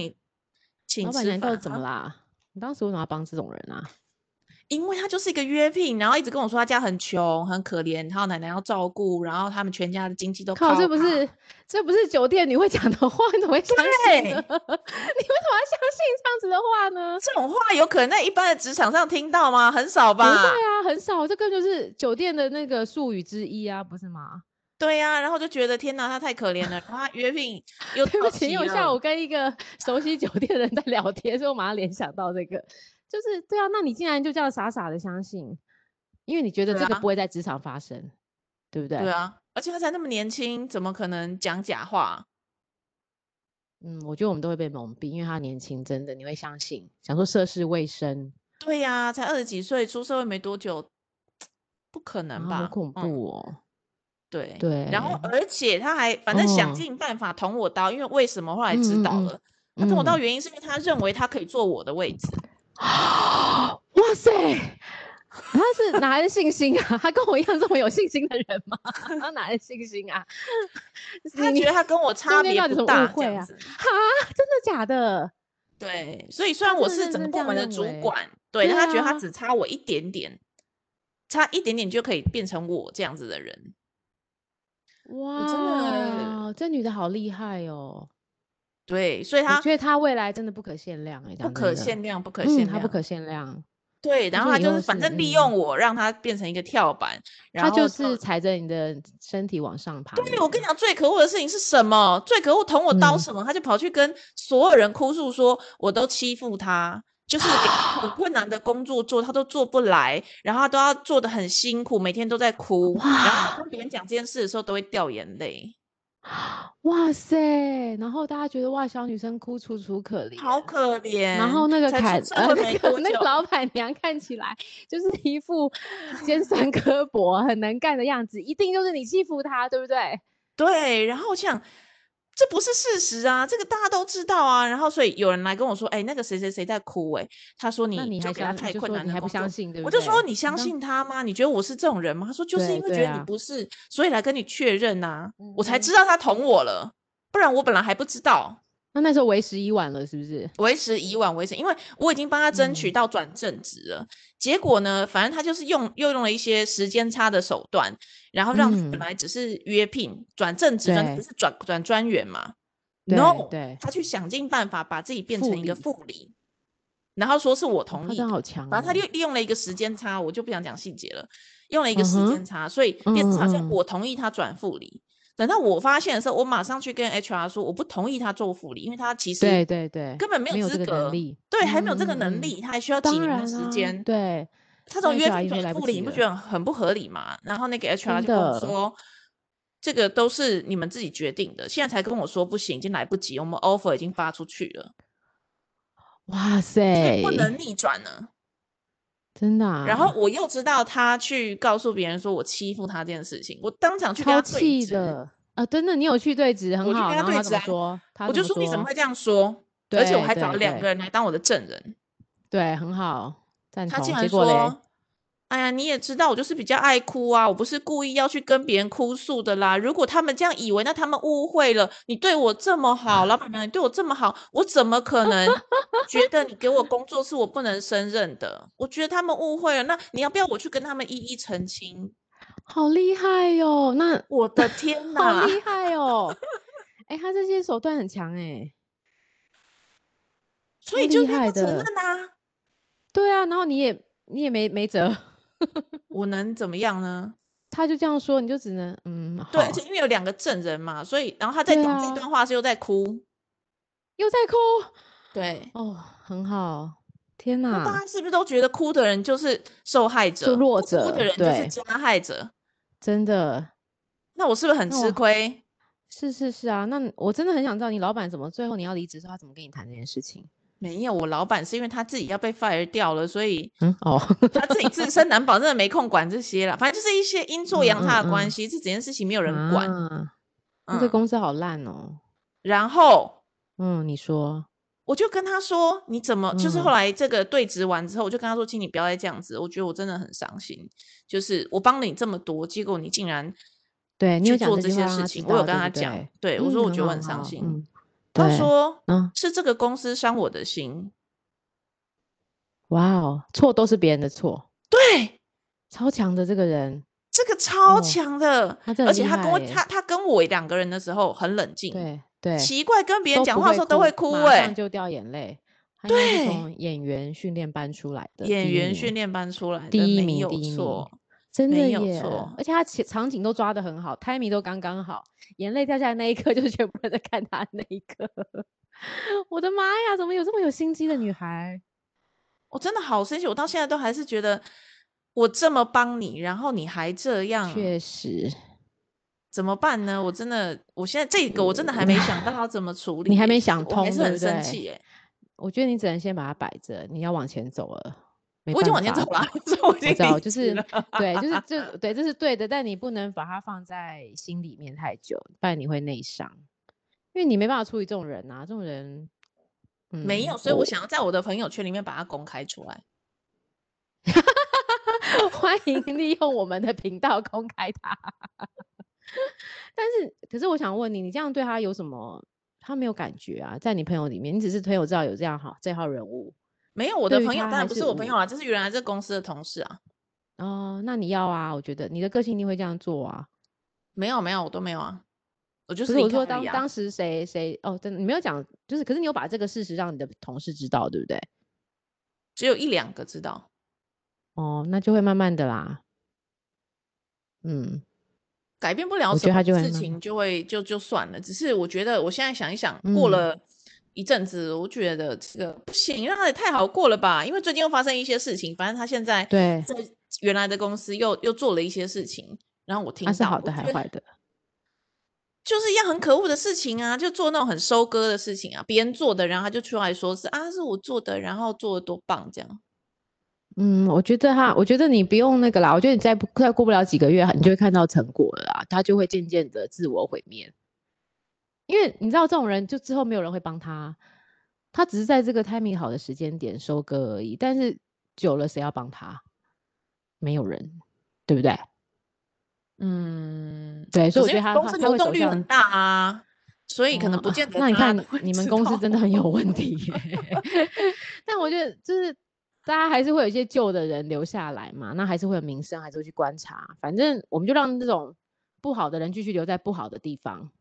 娘叫怎麼啦？你當時為什麼要幫這種人啊？因為他就是一個約聘，然後一直跟我說他家很窮，很可憐，然後奶奶要照顧，然後他們全家的經濟都靠，靠這不是這不是酒店你會講的話，你怎麼會相信？ <laughs> 你為什麼要相信這樣子的話呢？這種話有可能在一般的職場上聽到嗎？很少吧。對啊，很少，這個就是酒店的那個術語之一啊，不是嗎？對呀、啊，然後就覺得天哪，他太可憐了。 <laughs> 他約聘有對不起，我下午跟一個熟悉酒店的人在聊天，所以我馬上聯想到這個。就是對啊，那你竟然就這樣傻傻的相信，因為你覺得這個不會在職場發生對、啊，對不對？對啊，而且他才那麼年輕，怎麼可能講假話？嗯，我覺得我們都會被蒙蔽，因為他年輕，真的你會相信，想說涉世未深。對呀、啊，才二十幾歲，出社會沒多久，不可能吧？好恐怖哦！嗯、對對，然後而且他還反正想盡辦法捅我刀，哦、因為為什麼後來知道了嗯嗯嗯，他捅我刀的原因是因為他認為他可以坐我的位置。嗯哇， <laughs> 哇塞，他是哪來的信心啊？ <laughs> 他跟我一樣這麼有信心的人嗎？他哪來的信心啊？ <laughs> 他覺得他跟我差別不大這樣子，這段段會啊。哈，真的假的？ <laughs> 對，所以雖然我是整個部門的主管，真的真的這樣這樣欸、對，但他覺得他只差我一點點、啊，差一點點就可以變成我這樣子的人。哇，真的、欸，這女的好厲害哦。對，所以他所以他未來真的不可限量，不可限量，不可限量，嗯，他不可限量。對，然後他就是反正利用我，讓他變成一個跳板。然後他就是踩着你的身體往上爬。對，我跟你講，最可惡的事情是什麼？最可惡捅我刀什麼？嗯。他就跑去跟所有人哭訴說，說我都欺負他，就是很困難的工作做他都做不來，然後他都要做得很辛苦，每天都在哭，然後跟別人講這件事的時候都會掉眼淚。哇塞！然後大家覺得哇，小女生哭楚楚可憐，好可憐。然後那個凱、呃那個，那個老闆娘看起來就是一副尖酸刻薄、 <laughs> 很能幹的樣子，一定就是你欺負她，對不對？對。然後像。這不是事實啊，這個大家都知道啊。然後，所以有人來跟我說，哎、欸，那個誰誰誰在哭、欸，哎，他說你，那你還給他太困難，你還不相信，對不對？我就說你相信他嗎、嗯？你覺得我是這種人嗎？他說就是因為覺得你不是，啊、所以來跟你確認吶、啊嗯，我才知道他捅我了，不然我本來還不知道。那那時候為時已晚了，是不是？為時已晚，為時，因為我已經幫他爭取到轉正職了、嗯。結果呢，反正他就是用又用了一些時間差的手段，然後讓本來只是約聘轉、嗯、正職，轉不是轉轉專員嘛對？No，對，他去想盡辦法把自己變成一個副理，副理然後說是我同意、哦哦。他好強。然後他又利用了一個時間差，我就不想講細節了。用了一個時間差、嗯，所以變成好像我同意他轉副理。嗯嗯嗯等到我發現的時候，我馬上去跟 HR 說，我不同意他做副理，因為他其實對對對，根本沒有資格有，對，還沒有這個能力，嗯嗯嗯，他還需要幾年時間、啊，對。他從約定做副理，你不覺得很不合理嗎？然後那個 HR 就跟我說，這個都是你們自己決定的，現在才跟我說不行，已經來不及，我們 offer 已經發出去了。哇塞，不能逆轉呢。真的、啊，然後我又知道他去告訴別人說我欺負他這件事情，我當場去跟他對質啊！真的，你有去對質，很好。我就跟他對質、啊、說，說，我就說你怎麼會這樣說？對，而且我還找了兩個人來當我的證人。對，對對對，很好，贊同。他竟然說，結果嘞？哎呀，你也知道我就是比較愛哭啊，我不是故意要去跟別人哭訴的啦。如果他們這樣以為，那他們誤會了。你對我這麼好，老闆娘，你對我這麼好，我怎麼可能覺得你給我工作是我不能勝任的？ <laughs> 我覺得他們誤會了。那你要不要我去跟他們一一澄清？好厲害喲、哦！那我的天哪， <laughs> 好厲害哦！哎、欸，他這些手段很強哎、欸，所以就他不承認啊？對啊，然後你也你也沒沒轍。 <laughs> 我能怎麼樣呢？他就這樣說，你就只能嗯，對。而且因為有兩個證人嘛，所以然後他在講這段話時又在哭，啊，又在哭。對，哦，很好，天哪！那大家是不是都覺得哭的人就是受害者，弱者？哭的人就是加害者，真的。那我是不是很吃虧哦？是是是啊。那我真的很想知道，你老闆怎麼最後你要離職的時候，他怎麼跟你談這件事情？沒有，我老闆是因為他自己要被 fire 掉了，所以哦，他自己自身難保，真的沒空管這些了。嗯 oh. <laughs> 反正就是一些陰錯陽差的關係，嗯嗯嗯，這整件事情沒有人管。那，啊嗯、這個公司好爛哦。然後，嗯，你說，我就跟他說，你怎麼，嗯、就是後來這個對峙完之後，我就跟他說，請你不要再這樣子，我覺得我真的很傷心。就是我幫了你這麼多，結果你竟然對你有做這些事情，我有跟他講，對，對，對我說，我覺得我很傷心。嗯他說：“嗯，是這個公司傷我的心。”哇哦，錯都是別人的錯。對，超強的這個人，這個超強的，哦，而且他跟我他他跟我兩個人的時候很冷靜。對對，奇怪，跟別人講話的時候都會哭，欸都會哭，馬上就掉眼淚。對，從演員訓練班出來的，演員訓練班出來的，第一名，第一名。真的耶，沒有錯，而且他場景都抓得很好，timing 都剛剛好，眼淚掉下來那一刻就是全部人在看她那一刻。 <laughs> 我的媽呀，怎麼有這麼有心機的女孩？我真的好生氣，我到現在都還是覺得我這麼幫你，然後你還這樣，確實怎麼辦呢？我真的，我現在這個我真的還沒想到要怎麼處理。嗯，你還沒想通，我還是很生氣耶、欸。我覺得你只能先把它擺着，你要往前走了。我已經往前走了， <laughs> 我已經。知道就是 <laughs> 對，就是就對，這是對的，但你不能把它放在心裡面太久，不然你會內傷，因為你沒辦法處理這種人啊，這種人、嗯、沒有，所以我想要在我的朋友圈裡面把它公開出來， <laughs> 歡迎利用我們的頻道公開它。 <laughs> <laughs> 但是，可是我想問你，你這樣對他有什麼？他沒有感覺啊，在你朋友裡面，你只是朋友知道有這樣好這號人物。沒有我的朋友，朋友，當然不是我朋友啊，這是原來這公司的同事啊。哦，那你要啊？我覺得你的個性你會這樣做啊。沒有沒有，我都沒有啊。我就是，是，我是說當當時誰誰哦，真的你沒有講，就是可是你有把這個事實讓你的同事知道，對不對？只有一兩個知道。哦，那就會慢慢的啦。嗯，改變不了，我覺得事情就會就就算了。只是我覺得我現在想一想，嗯，過了。一陣子，我覺得這個不行，讓他也太好過了吧。因為最近又發生一些事情，反正他現在對在原來的公司又又做了一些事情，然後我聽他是好的還是壞的，就是一樣很可惡的事情啊，就做那種很收割的事情啊，別人做的，然後他就出來說，是啊，是我做的，然後做的多棒這樣。嗯，我覺得他，我覺得你不用那個啦，我覺得你再再過不了幾個月，你就會看到成果了啦，他就會漸漸的自我毀滅。因為你知道這種人，就之後沒有人會幫他，他只是在這個 timing 好的時間點收割而已。但是久了，誰要幫他？沒有人，對不對？嗯，對。所以我覺得他公司流動率很大啊，所以可能不見得。嗯，那你看，你們公司真的很有問題耶。 <laughs> <laughs> 但我覺得就是大家還是會有一些舊的人留下來嘛，那還是會有名聲，還是會去觀察。反正我們就讓這種不好的人繼續留在不好的地方。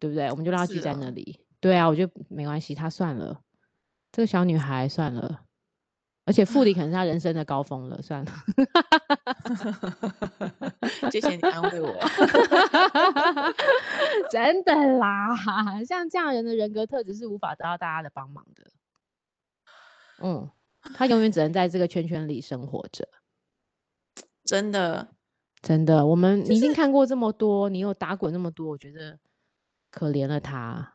對不對？我們就讓他記在那裡、啊。對啊，我覺得沒關係，他算了，這個小女孩算了，而且富理可能是他人生的高峰了， <laughs> 算了。 <laughs> <laughs> 謝謝你安慰我。 <laughs> <laughs> 真的啦，像這樣人的人格特質是無法得到大家的幫忙的。嗯，他永遠只能在這個圈圈裡生活着。 <laughs> 真的，真的，我們已經看過這麼多，就是、你又打滾那麼多，我覺得。可憐了他，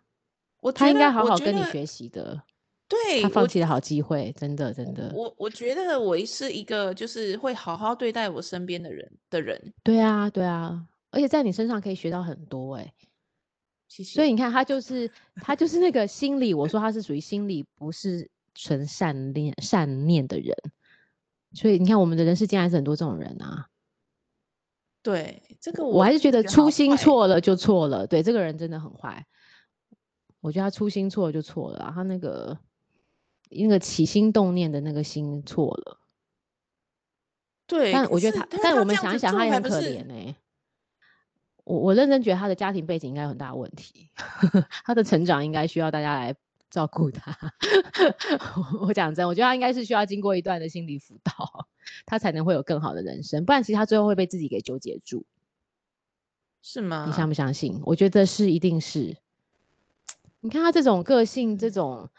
我他應該好好跟你，跟你學習的，對他放棄了好機會，真的真的。我我覺得我是一個就是會好好對待我身邊的人的人，對啊對啊，而且在你身上可以學到很多哎、欸。所以你看他就是他就是那個心裡， <laughs> 我說他是屬於心裡不是純善念善念的人，所以你看我們的人世間還是很多這種人啊。對這個我，我還是覺得初心錯了就錯了。對這個人真的很壞，我覺得他初心錯了就錯了，他那個那個起心動念的那個心錯了。對，但我覺得他，但，他但我們想一想，他也很可憐呢、欸。我我認真覺得他的家庭背景應該有很大問題， <laughs> 他的成長應該需要大家來。照顧他， <laughs> 我講真，我覺得他應該是需要經過一段的心理輔導，他才能會有更好的人生。不然，其實他最後會被自己給糾結住，是嗎？你相不相信？我覺得是，一定是。你看他這種個性，這種、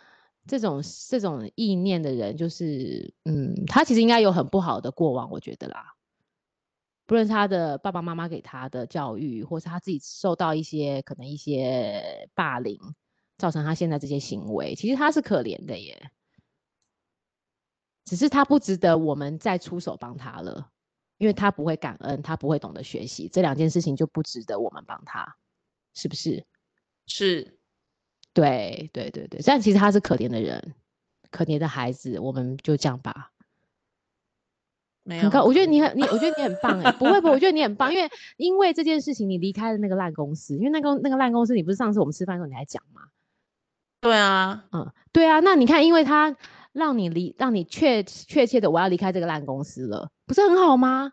這種、這種意念的人，就是，嗯，他其實應該有很不好的過往，我覺得啦。不論是他的爸爸媽媽給他的教育，或是他自己受到一些可能一些霸凌。造成他現在這些行為，其實他是可憐的耶，只是他不值得我們再出手幫他了，因為他不會感恩，他不會懂得學習，這兩件事情就不值得我們幫他，是不是？是，對對對對，但其實他是可憐的人，可憐的孩子，我們就這樣吧。沒有，我覺得你很你，我覺得你很棒哎， <laughs> 不會不會，我覺得你很棒，因為因為這件事情你離開了那個爛公司，因為那個、那個爛公司，你不是上次我們吃飯的時候你還講嗎？對啊，嗯，對啊，那你看，因為他讓你離，讓你確確切的，我要離開這個爛公司了，不是很好嗎？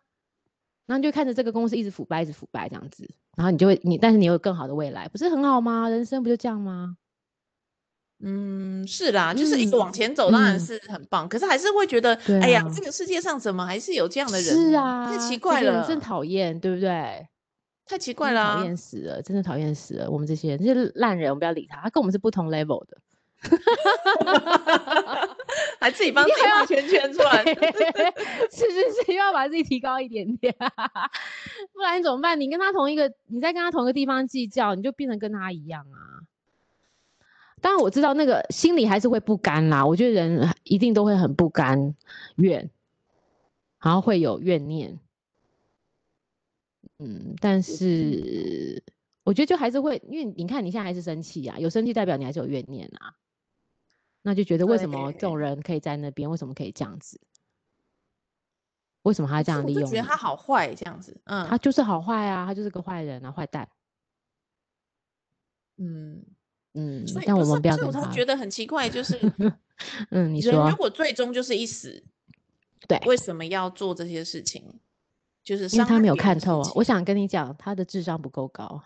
然後你就看着這個公司一直腐敗，一直腐敗這樣子，然後你就會，你但是你有更好的未來，不是很好嗎？人生不就這樣嗎？嗯，是啦，就是一直往前走、嗯，當然是很棒、嗯，可是還是會覺得、對啊，哎呀，這個世界上怎麼還是有這樣的人？是啊，太奇怪了，真討厭，對不對？太奇怪了，啊，討、嗯、厭死了，真的討厭死了。我們這些人，這些爛人，我們不要理他。他跟我們是不同 level 的， <laughs> <laughs> <laughs> 還自己幫自己圈圈出來，是是、啊、 <laughs> 對 <laughs> 是，又要把自己提高一點點、啊， <laughs> 不然你怎麼辦？你跟他同一個，你再跟他同一個地方計較，你就變成跟他一樣啊。當然我知道那個心裡還是會不甘啦，我覺得人一定都會很不甘怨，然後會有怨念。嗯，但是我覺得就還是會，因為你看你現在還是生氣啊，有生氣代表你還是有怨念啊，那就覺得為什麼這種人可以在那邊，為什麼可以這樣子，為什麼他這樣利用？我覺得他好壞這樣子，嗯，他就是好壞啊，他就是個壞人啊，壞蛋。嗯嗯，但我們不要跟他。不是，不是，我都我覺得很奇怪，就是 <laughs> 嗯，你說，如果最終就是一死，對，為什麼要做這些事情？就是因為他沒有看透啊，我想跟你講，他的智商不夠高，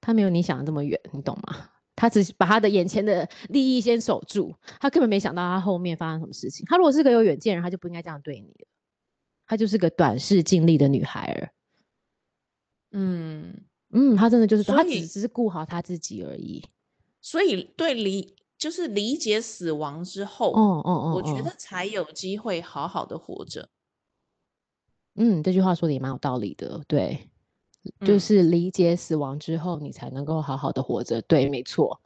他沒有你想的這麼遠，你懂嗎？他只是把他的眼前的利益先守住，他根本沒想到他後面發生什麼事情。他如果是個有遠見人，他就不應該這樣對你了。他就是個短視近利的女孩兒。嗯嗯，他真的就是他只是顧好他自己而已。所以對離就是理解死亡之後，哦哦哦哦、我覺得才有機會好好的活着。嗯，這句話說的也蠻有道理的，對，嗯，就是理解死亡之後，你才能夠好好的活着，對，沒錯，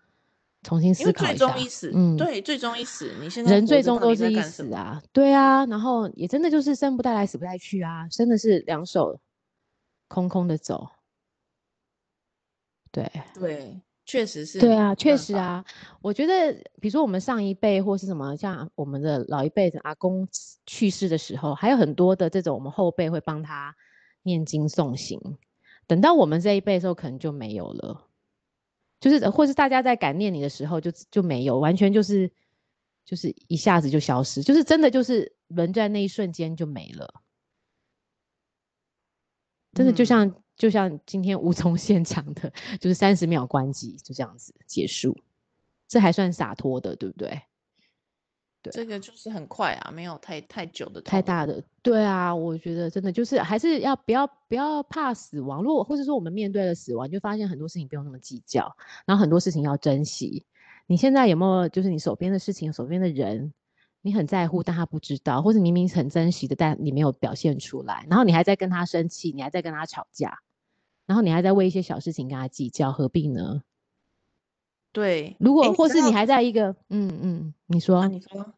重新思考一下。因為最終一死，嗯，對，最終一死，你現在，你在人最終都是一死啊，對啊，然後也真的就是生不帶來，死不帶去啊，真的是兩手空空的走，對對。確實是，對啊，確實啊。我覺得，比如說我們上一輩或是什麼，像我們的老一輩的阿公去世的時候，還有很多的這種，我們後輩會幫他念經送行。等到我們這一輩的時候，可能就沒有了，就是或是大家在感念你的時候就，就就沒有，完全就是就是一下子就消失，就是真的就是人在那一瞬間就沒了，真的就像。嗯就像今天無從現場的，就是三十秒關機，就這樣子結束，這還算灑脫的，對不對？對，這個就是很快啊，沒有太太久的、太大的。對啊，我覺得真的就是還是要不要不要怕死亡，如果或者說我們面對了死亡，就發現很多事情不用那麼計較，然後很多事情要珍惜。你現在有沒有就是你手邊的事情、手邊的人？你很在乎，但他不知道，或是明明很珍惜的，但你沒有表現出來，然後你還在跟他生氣，你還在跟他吵架，然後你還在為一些小事情跟他計較，何必呢？對，如果、欸、或是你還在一個，嗯嗯你說、啊，你說，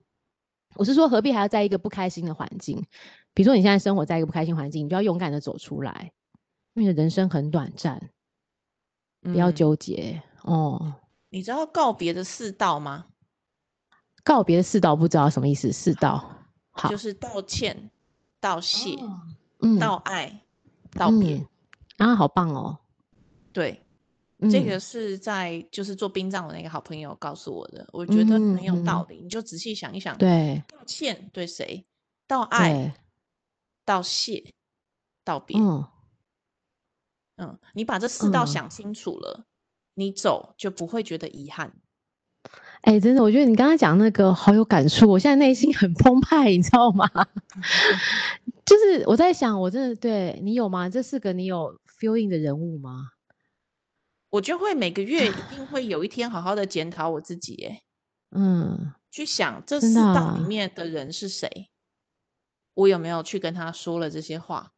我是說，何必還要在一個不開心的環境？比如說你現在生活在一個不開心環境，你就要勇敢的走出來，因為人生很短暫，不要糾結、嗯、哦。你知道告別的四道嗎？告別四道，不知道什麼意思？四道好，就是道歉、道謝、哦、嗯、道愛、道別、嗯。啊，好棒哦！對，嗯、這個是在就是做殯葬的那個好朋友告訴我的，嗯，我覺得很有道理。嗯、你就仔細想一想，對、嗯，道歉對誰？道愛、道謝、道別。嗯，嗯，你把這四道想清楚了，嗯、你走就不會覺得遺憾。哎、欸，真的，我覺得你剛剛講那個好有感觸，我現在內心很澎湃，你知道嗎？ <laughs> <laughs> 就是我在想，我真的對你有嗎？這四個你有 feeling 的人物嗎？我就會每個月一定會有一天好好的檢討我自己、欸，哎，嗯，去想這四道裡面的人是誰、啊，我有沒有去跟他說了這些話？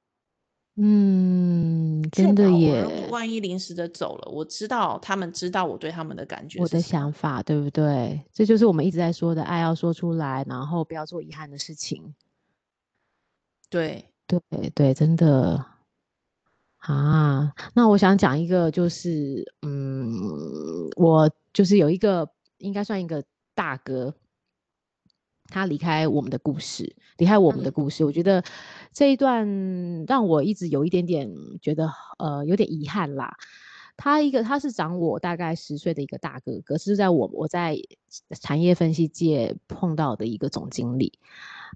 嗯，真的耶。啊、萬一臨時的走了，我知道他們知道我對他們的感覺，我的想法對不對？這就是我們一直在說的，愛要說出來，然後不要做遺憾的事情。對對對，真的。啊，那我想講一個，就是嗯，我就是有一個應該算一個大哥。他離開我們的故事，離開我們的故事，嗯，我覺得這一段讓我一直有一點點覺得，呃，有點遺憾啦。他一個，他是長我大概十歲的一個大哥哥，是在我我在產業分析界碰到的一個總經理。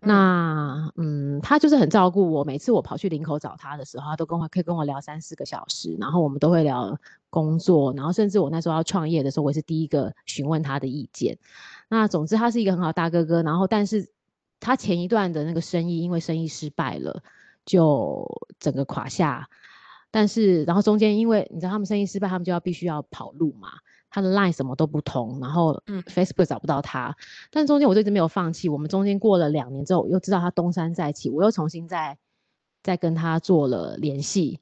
那嗯，他就是很照顧我，每次我跑去林口找他的時候，他都跟我可以跟我聊三四個小時，然後我們都會聊工作，然後甚至我那時候要創業的時候，我也是第一個詢問他的意見。那總之他是一個很好的大哥哥，然後但是他前一段的那個生意因為生意失敗了，就整個垮下。但是，然後中間，因為你知道他們生意失敗，他們就要必須要跑路嘛。他的 line 什麼都不通，然後 Facebook 找不到他。嗯、但中間我就一直沒有放棄。我們中間過了兩年之後，我又知道他東山再起，我又重新再再跟他做了聯繫。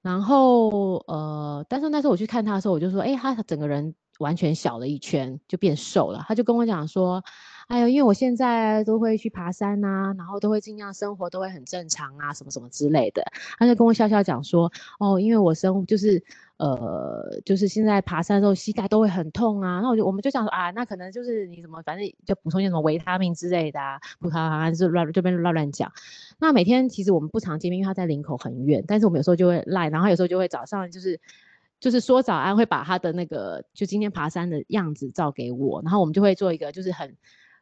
然後，呃，但是那時候我去看他的時候，我就說，哎、欸，他整個人完全小了一圈，就變瘦了。他就跟我講說。哎呦，因為我現在都會去爬山吶、啊，然後都會儘量生活都會很正常啊，什麼什麼之類的。他就跟我笑笑講說，哦，因為我生就是，呃，就是現在爬山的時候膝蓋都會很痛啊。那我就我們就想說啊，那可能就是你怎麼，反正就補充一點什麼維他命之類的啊。啊補他他就是亂這邊亂,亂亂講。那每天其實我們不常見面，因為他在林口很遠，但是我們有時候就會賴，然後有時候就會早上就是，就是說早安，會把他的那個就今天爬山的樣子照給我，然後我們就會做一個就是很。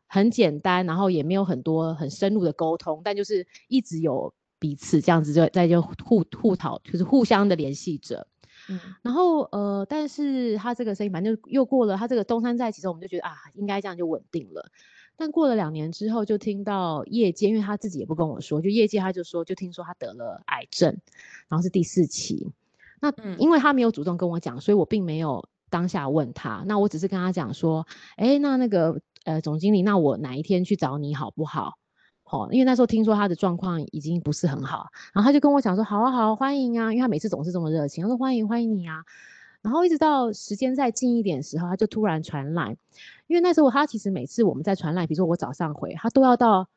很簡單，然後也沒有很多很深入的溝通，但就是一直有彼此這樣子，就在就互互討，就是互相的聯繫着。嗯，然後呃，但是他這個生意反正又過了，他這個東山再起之後我們就覺得啊，應該這樣就穩定了。但過了兩年之後，就聽到業界，因為他自己也不跟我說，就業界他就說，就聽說他得了癌症，然後是第四期。那因為他沒有主動跟我講，所以我並沒有當下問他。那我只是跟他講說，哎，那那個。呃，總經理，那我哪一天去找你好不好？哦，因為那時候聽說他的狀況已經不是很好，然後他就跟我講說，好啊，好啊，好歡迎啊，因為他每次總是這麼熱情，他說歡迎歡迎你啊，然後一直到時間再近一點的時候，他就突然傳來，因為那時候他其實每次我們在傳來，比如說我早上回，他都要到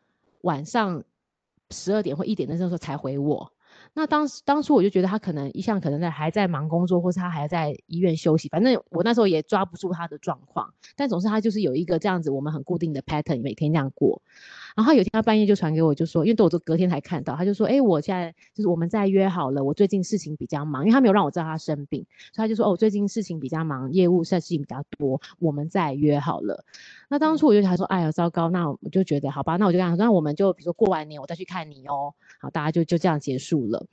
晚上十二點或一點的那時候才回我。那當時當初我就覺得他可能一向可能在還在忙工作，或是他還在醫院休息。反正我那時候也抓不住他的狀況，但總是他就是有一個這樣子我們很固定的 pattern，每天這樣過。然後有一天他半夜就傳給我，就說，因為都我都隔天才看到，他就說，哎、欸，我現在就是我們再約好了。我最近事情比較忙，因為他沒有讓我知道他生病，所以他就說，哦，最近事情比較忙，業務實在事情比較多，我們再約好了。那當初我就還說，哎呀，糟糕，那我就覺得，好吧，那我就這樣，那我們就比如說過完年我再去看你哦。好，大家就就這樣結束了。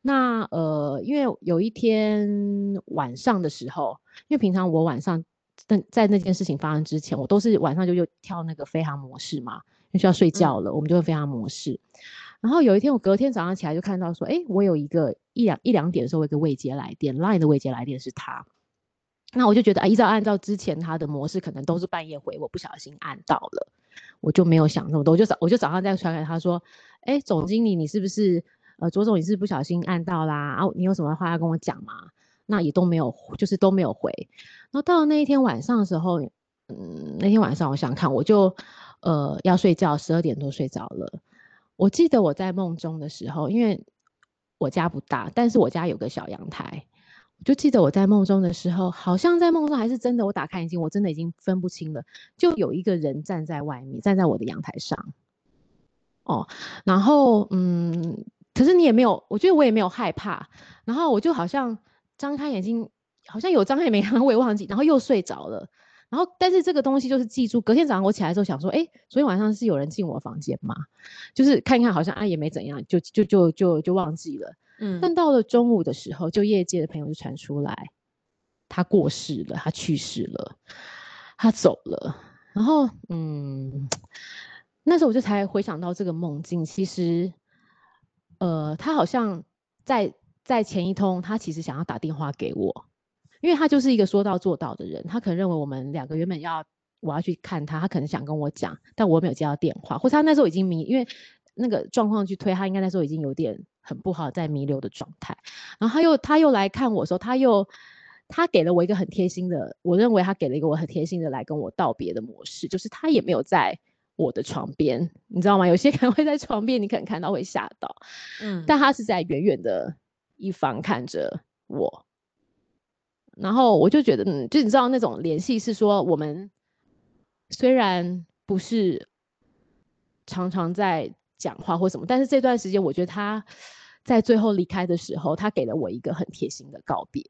那呃，因為有一天晚上的時候，因為平常我晚上，在那件事情發生之前，我都是晚上就就跳那個飛行模式嘛。需要睡覺了，嗯、我們就會飛航模式。然後有一天，我隔天早上起來就看到說，哎、欸，我有一個一兩一兩點的時候，一個未接來電，Line 的未接來電是他。那我就覺得、欸、一依照按照之前他的模式，可能都是半夜回，我不小心按到了，我就沒有想那麼多，我就早我就早上再傳給他說，哎、欸，總經理，你是不是、呃，左總，你是不是呃，左總你是不小心按到啦？啊，你有什麼話要跟我講嗎？那也都沒有，就是都沒有回。然後到了那一天晚上的時候，嗯，那天晚上我想看，我就。呃，要睡覺，十二點多睡着了。我記得我在夢中的時候，因為我家不大，但是我家有個小陽台。我就記得我在夢中的時候，好像在夢中還是真的。我打開眼睛，我真的已經分不清了。就有一個人站在外面，站在我的陽台上。哦，然後嗯，可是你也沒有，我覺得我也沒有害怕。然後我就好像張開眼睛，好像有張開眼睛，我也忘記。然後又睡着了。然後，但是這個東西就是記住，隔天早上我起來的時候想說，哎、欸，昨天晚上是有人進我房間嗎？就是看一看，好像啊也沒怎樣，就就就就就忘記了。嗯，但到了中午的時候，就業界的朋友就傳出來，他過世了，他去世了，他走了。然後，嗯，那時候我就才回想到這個夢境，其實，呃，他好像在在前一通，他其實想要打電話給我。因為他就是一個說到做到的人，他可能認為我們兩個原本要我要去看他，他可能想跟我講，但我沒有接到電話，或是他那時候已經迷。因為那個狀況去推他，應該那時候已經有點很不好，在彌留的狀態。然後他又他又來看我的時候，他又他給了我一個很貼心的，我認為他給了一個我很貼心的來跟我道別的模式，就是他也沒有在我的床邊，你知道嗎？有些人可能會在床邊，你可能看到會嚇到，嗯，但他是在遠遠的一方看着我。然後我就覺得，嗯，就你知道那種聯繫是說，我們雖然不是常常在講話或什麼，但是這段時間，我覺得他在最後離開的時候，他給了我一個很貼心的告別，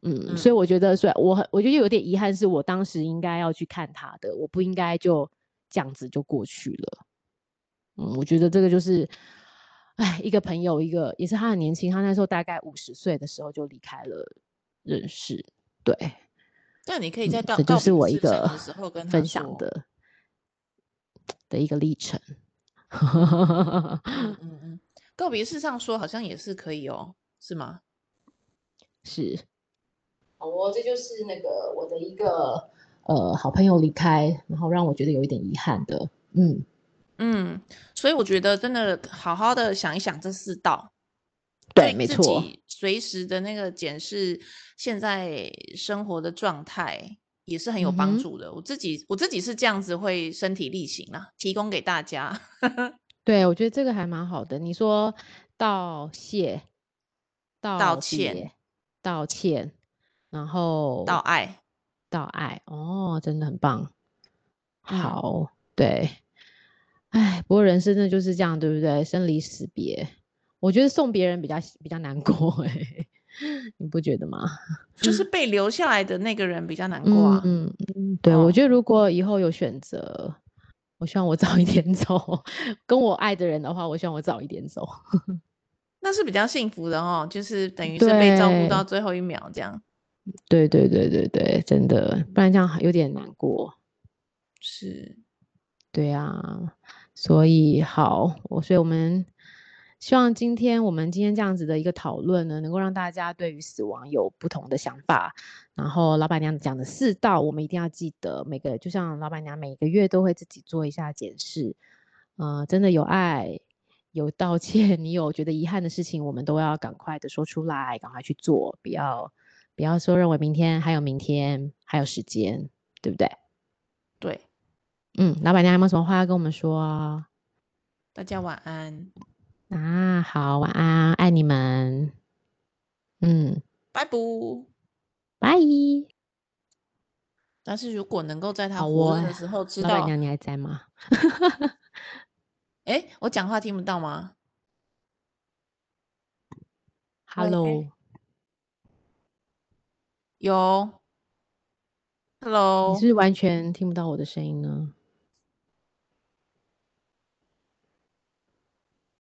嗯，嗯，所以我覺得，雖然我很，我覺得有點遺憾，是我當時應該要去看他的，我不應該就這樣子就過去了，嗯，我覺得這個就是，哎，一個朋友，一個也是他很年輕，他那時候大概五十歲的時候就離開了。認識，對。那你可以在告別、嗯、我一個時候跟分享的的一個歷程。嗯嗯，告別式上說好像也是可以哦，是嗎？是。好，這就是那個我的一個呃好朋友離開，然後讓我覺得有一點遺憾的。嗯嗯，所以我覺得真的好好的想一想這四道。對，對，沒錯，隨時的那個檢視現在生活的狀態也是很有幫助的，嗯。我自己，我自己是這樣子會身體力行啊，提供給大家。 <laughs> 對，我覺得這個還蠻好的。你說道謝，道歉，道歉，道歉道歉然後道愛，道愛，哦，真的很棒。好，嗯，對，哎，不過人生呢就是這樣，對不對？生離死別。我覺得送別人比較比較難過哎、欸，你不覺得嗎？就是被留下來的那個人比較難過。啊。嗯，嗯，對，我覺得如果以後有選擇，我希望我早一點走， <laughs> 跟我愛的人的話，我希望我早一點走。 <laughs> 那是比較幸福的哦，就是等於是被照顧到最後一秒這樣。對對，對對對對，真的，不然這樣有點難過。是。對啊，所以好，我所以我們。希望今天我們今天這樣子的一個討論呢，能夠讓大家對於死亡有不同的想法。然後老闆娘講的四道，我們一定要記得每個，就像老闆娘每個月都會自己做一下檢視。嗯、呃，真的有愛，有道歉，你有覺得遺憾的事情，我們都要趕快的說出來，趕快去做，不要不要說認為明天還有明天，還有時間，對不對？對。嗯，老闆娘有沒有什麼話要跟我們說啊？大家晚安。啊，好，晚安，愛你們，嗯，拜拜，但是如果能夠在他活著的時候知道，老板娘你還在嗎？哎、 <laughs> 欸，我講話聽不到嗎？Hello，有、okay.，Hello，你是完全聽不到我的聲音呢？